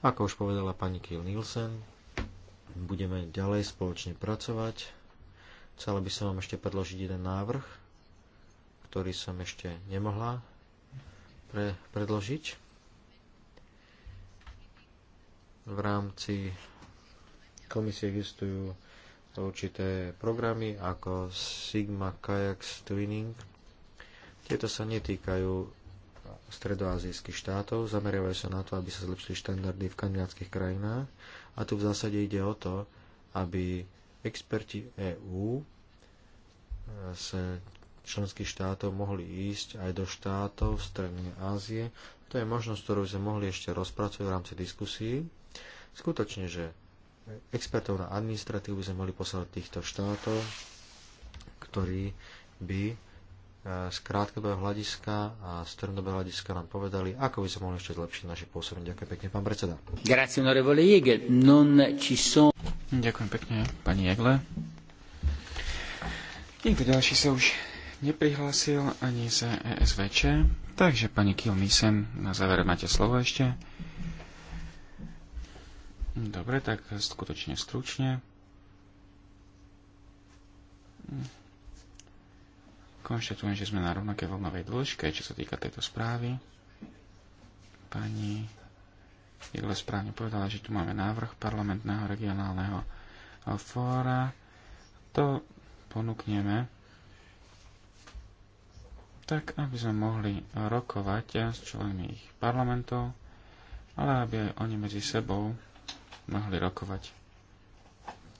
Ako už povedala pani Kiel Nielsen, budeme ďalej spoločne pracovať Chcela by som vám ešte predložiť jeden návrh, ktorý som ešte nemohla pre, predložiť v rámci komisie existujú určité programy ako Sigma Kayak Twinning. Tieto sa netýkajú stredoazijských štátov, zameriavajú sa na to, aby sa zlepšili štandardy v kandidátskych krajinách a tu v zásade ide o to, aby experti EÚ z e, členských štátov mohli ísť aj do štátov Strednej Ázie. To je možnosť, ktorú sme mohli ešte rozpracovať v rámci diskusí. Skutočne, že expertov na administratívu sme mohli poslať týchto štátov, ktorí by z krátkodobého hľadiska a z strednodobého hľadiska nám povedali, ako by sa mohli ešte zlepšiť naše pôsobenie. Ďakujem pekne, pán predseda. Ďakujem pekne, pani Jegle. Nikto ďalší sa už neprihlásil ani z ESVČ, takže pani Kilmisen, na záver máte slovo ešte. Dobre, tak skutočne stručne Konštatujem, že sme na rovnaké vlnovej dĺžke, čo sa týka tejto správy. Pani Irle správne povedala, že tu máme návrh parlamentného regionálneho fóra. To ponúkneme tak, aby sme mohli rokovať s členmi ich parlamentov, ale aby aj oni medzi sebou mohli rokovať.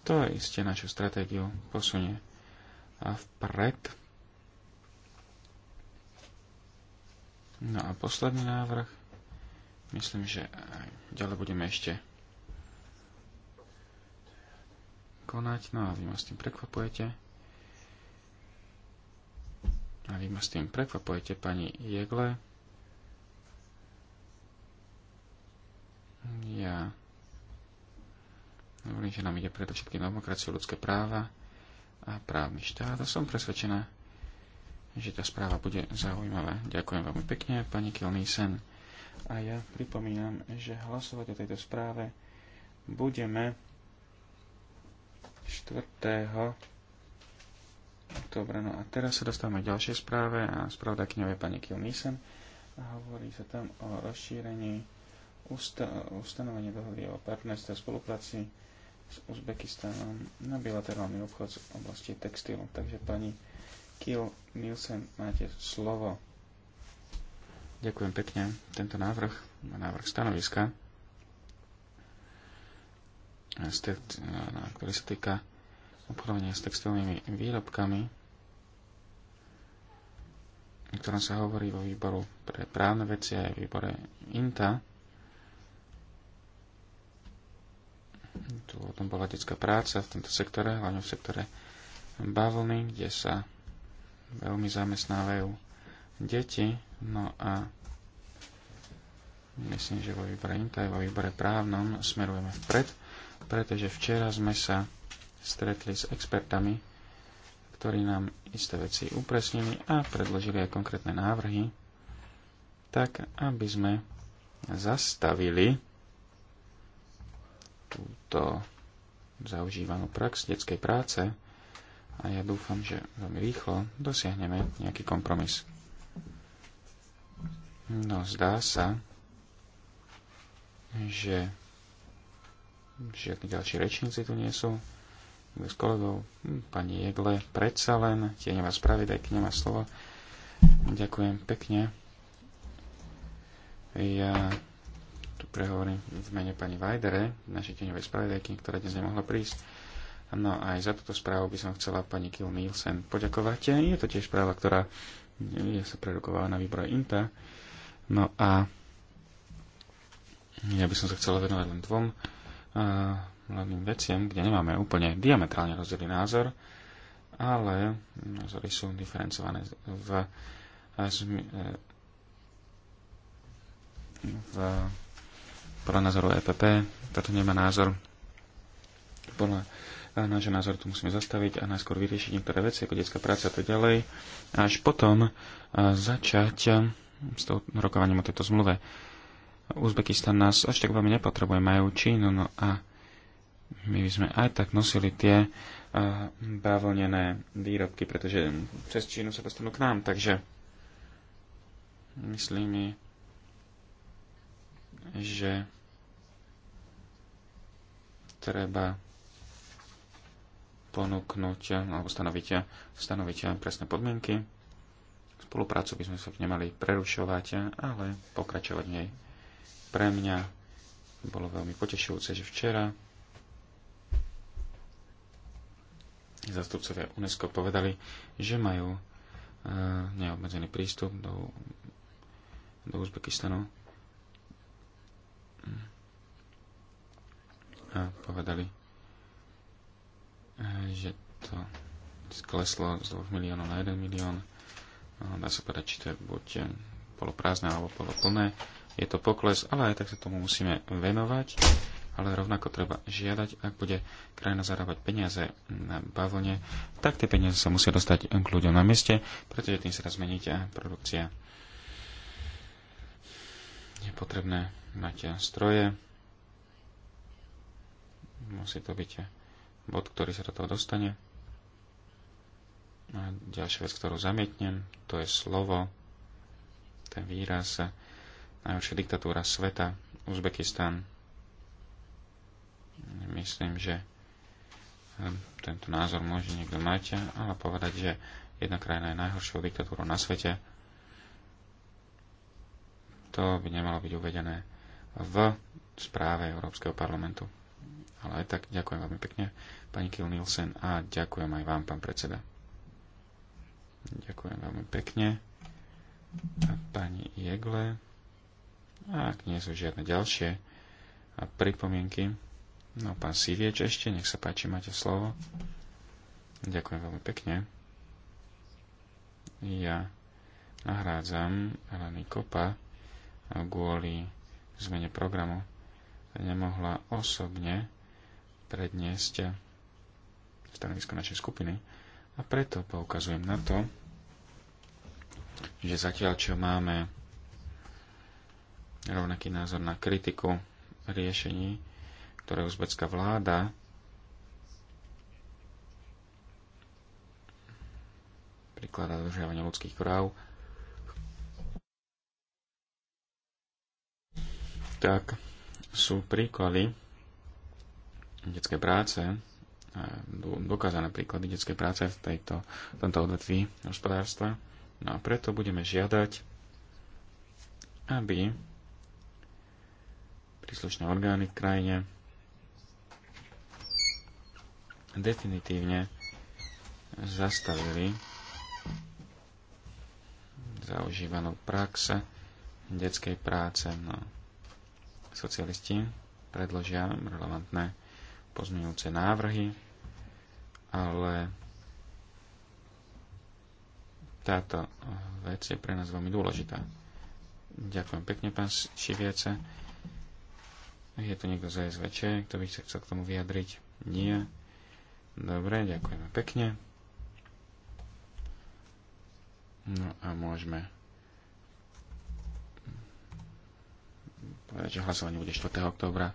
To je iste našu stratégiu posunie vpred No a posledný návrh. Myslím, že ďalej budeme ešte konať. No a vy ma s tým prekvapujete. A vy ma s tým prekvapujete, pani Jegle. Ja hovorím, že nám ide predovšetkým demokraciu, ľudské práva a právny štát a som presvedčená, že tá správa bude zaujímavá. Ďakujem veľmi pekne, pani Kilnýsen. A ja pripomínam, že hlasovať o tejto správe budeme 4. oktobra. No a teraz sa dostávame k ďalšej správe a správda kňov je pani Kilnýsen. A hovorí sa tam o rozšírení usta- ustanovenia dohody o partnerstve a spolupráci s Uzbekistanom na bilaterálny obchod v oblasti textilu. Takže pani Kiel Nielsen, máte slovo. Ďakujem pekne. Tento návrh, návrh stanoviska, eh, eh, ktorý sa týka obchodovania s textilnými výrobkami, o ktorom sa hovorí vo výboru pre právne veci a aj výbore INTA. Tu o tom bola detská práca v tomto sektore, hlavne v sektore bavlny, kde sa veľmi zamestnávajú deti. No a myslím, že vo výbore INTA vo výbore právnom smerujeme vpred, pretože včera sme sa stretli s expertami, ktorí nám isté veci upresnili a predložili aj konkrétne návrhy, tak aby sme zastavili túto zaužívanú prax detskej práce, a ja dúfam, že veľmi rýchlo dosiahneme nejaký kompromis. No, zdá sa, že žiadni ďalší rečníci tu nie sú. S kolegou hm, pani Jegle predsa len aj k má slovo. Ďakujem pekne. Ja tu prehovorím v mene pani Vajdere, našej tieňovej spravedajky, ktorá dnes nemohla prísť. No a aj za túto správu by som chcela pani Kiel Nielsen poďakovať. Je to tiež správa, ktorá je sa prerokovala na výbore INTA. No a ja by som sa chcela venovať len dvom hlavným veciam, kde nemáme úplne diametrálne rozdielý názor, ale názory sú diferencované v, e, v pro názoru EPP, toto nemá názor podľa náš názor tu musíme zastaviť a najskôr vyriešiť niektoré veci, ako detská práca a tak ďalej. A až potom začať s tou rokovaním o tejto zmluve. Uzbekistan nás až tak veľmi nepotrebuje, majú Čínu, no a my by sme aj tak nosili tie bavlnené výrobky, pretože cez Čínu sa dostanú k nám, takže myslím, že treba ponúknuť alebo stanoviť, stanoviť presné podmienky. Spoluprácu by sme sa nemali prerušovať, ale pokračovať v nej. Pre mňa bolo veľmi potešujúce, že včera zastupcovia UNESCO povedali, že majú e, neobmedzený prístup do, do Uzbekistanu. A povedali, že to skleslo z 2 miliónov na 1 milión. No, dá sa povedať, či to je buď poloprázdne alebo poloplné. Je to pokles, ale aj tak sa tomu musíme venovať. Ale rovnako treba žiadať, ak bude krajina zarábať peniaze na bavlne, tak tie peniaze sa musia dostať k ľuďom na mieste, pretože tým sa dá zmeniť produkcia. Je potrebné mať stroje, musí to byť bod, ktorý sa do toho dostane. A ďalšia vec, ktorú zamietnem, to je slovo, ten výraz, najhoršia diktatúra sveta, Uzbekistan. Myslím, že hm, tento názor môže niekto mať, ale povedať, že jedna krajina je najhoršou diktatúrou na svete, to by nemalo byť uvedené v správe Európskeho parlamentu. Ale aj tak ďakujem veľmi pekne, pani Kiel Nielsen, a ďakujem aj vám, pán predseda. Ďakujem veľmi pekne. A pani Jegle. A ak nie sú žiadne ďalšie a pripomienky, no pán Sivieč ešte, nech sa páči, máte slovo. Ďakujem veľmi pekne. Ja nahrádzam Eleny Kopa kvôli zmene programu. Nemohla osobne predniesť stanovisko našej skupiny. A preto poukazujem na to, že zatiaľ, čo máme rovnaký názor na kritiku riešení, ktoré uzbecká vláda prikladá dodržiavania ľudských práv, tak sú príklady detské práce, dokázané príklady detskej práce v, tejto, v tomto odvetví hospodárstva. No a preto budeme žiadať, aby príslušné orgány v krajine definitívne zastavili zaužívanú prax detskej práce. No, socialisti predložia relevantné pozmeňujúce návrhy, ale táto eh, vec je pre nás veľmi dôležitá. Ďakujem pekne, pán Šiviace. Je tu niekto z SVČ, kto by sa chcel k tomu vyjadriť? Nie. Dobre, ďakujeme pekne. No a môžeme povedať, že hlasovanie bude 4. oktobra.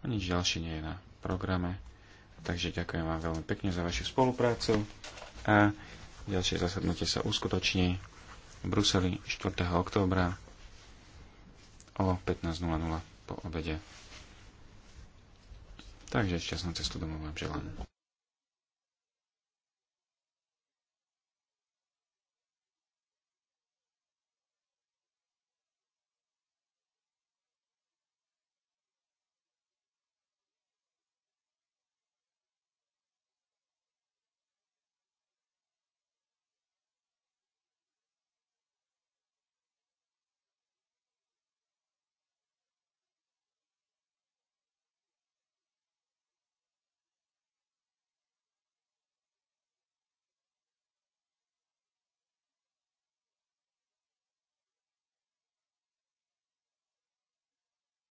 A nič ďalšie nie je na programe. Takže ďakujem vám veľmi pekne za vašu spoluprácu a ďalšie zasadnutie sa uskutoční v Bruseli 4. októbra o 15.00 po obede. Takže šťastnú cestu domov vám želám.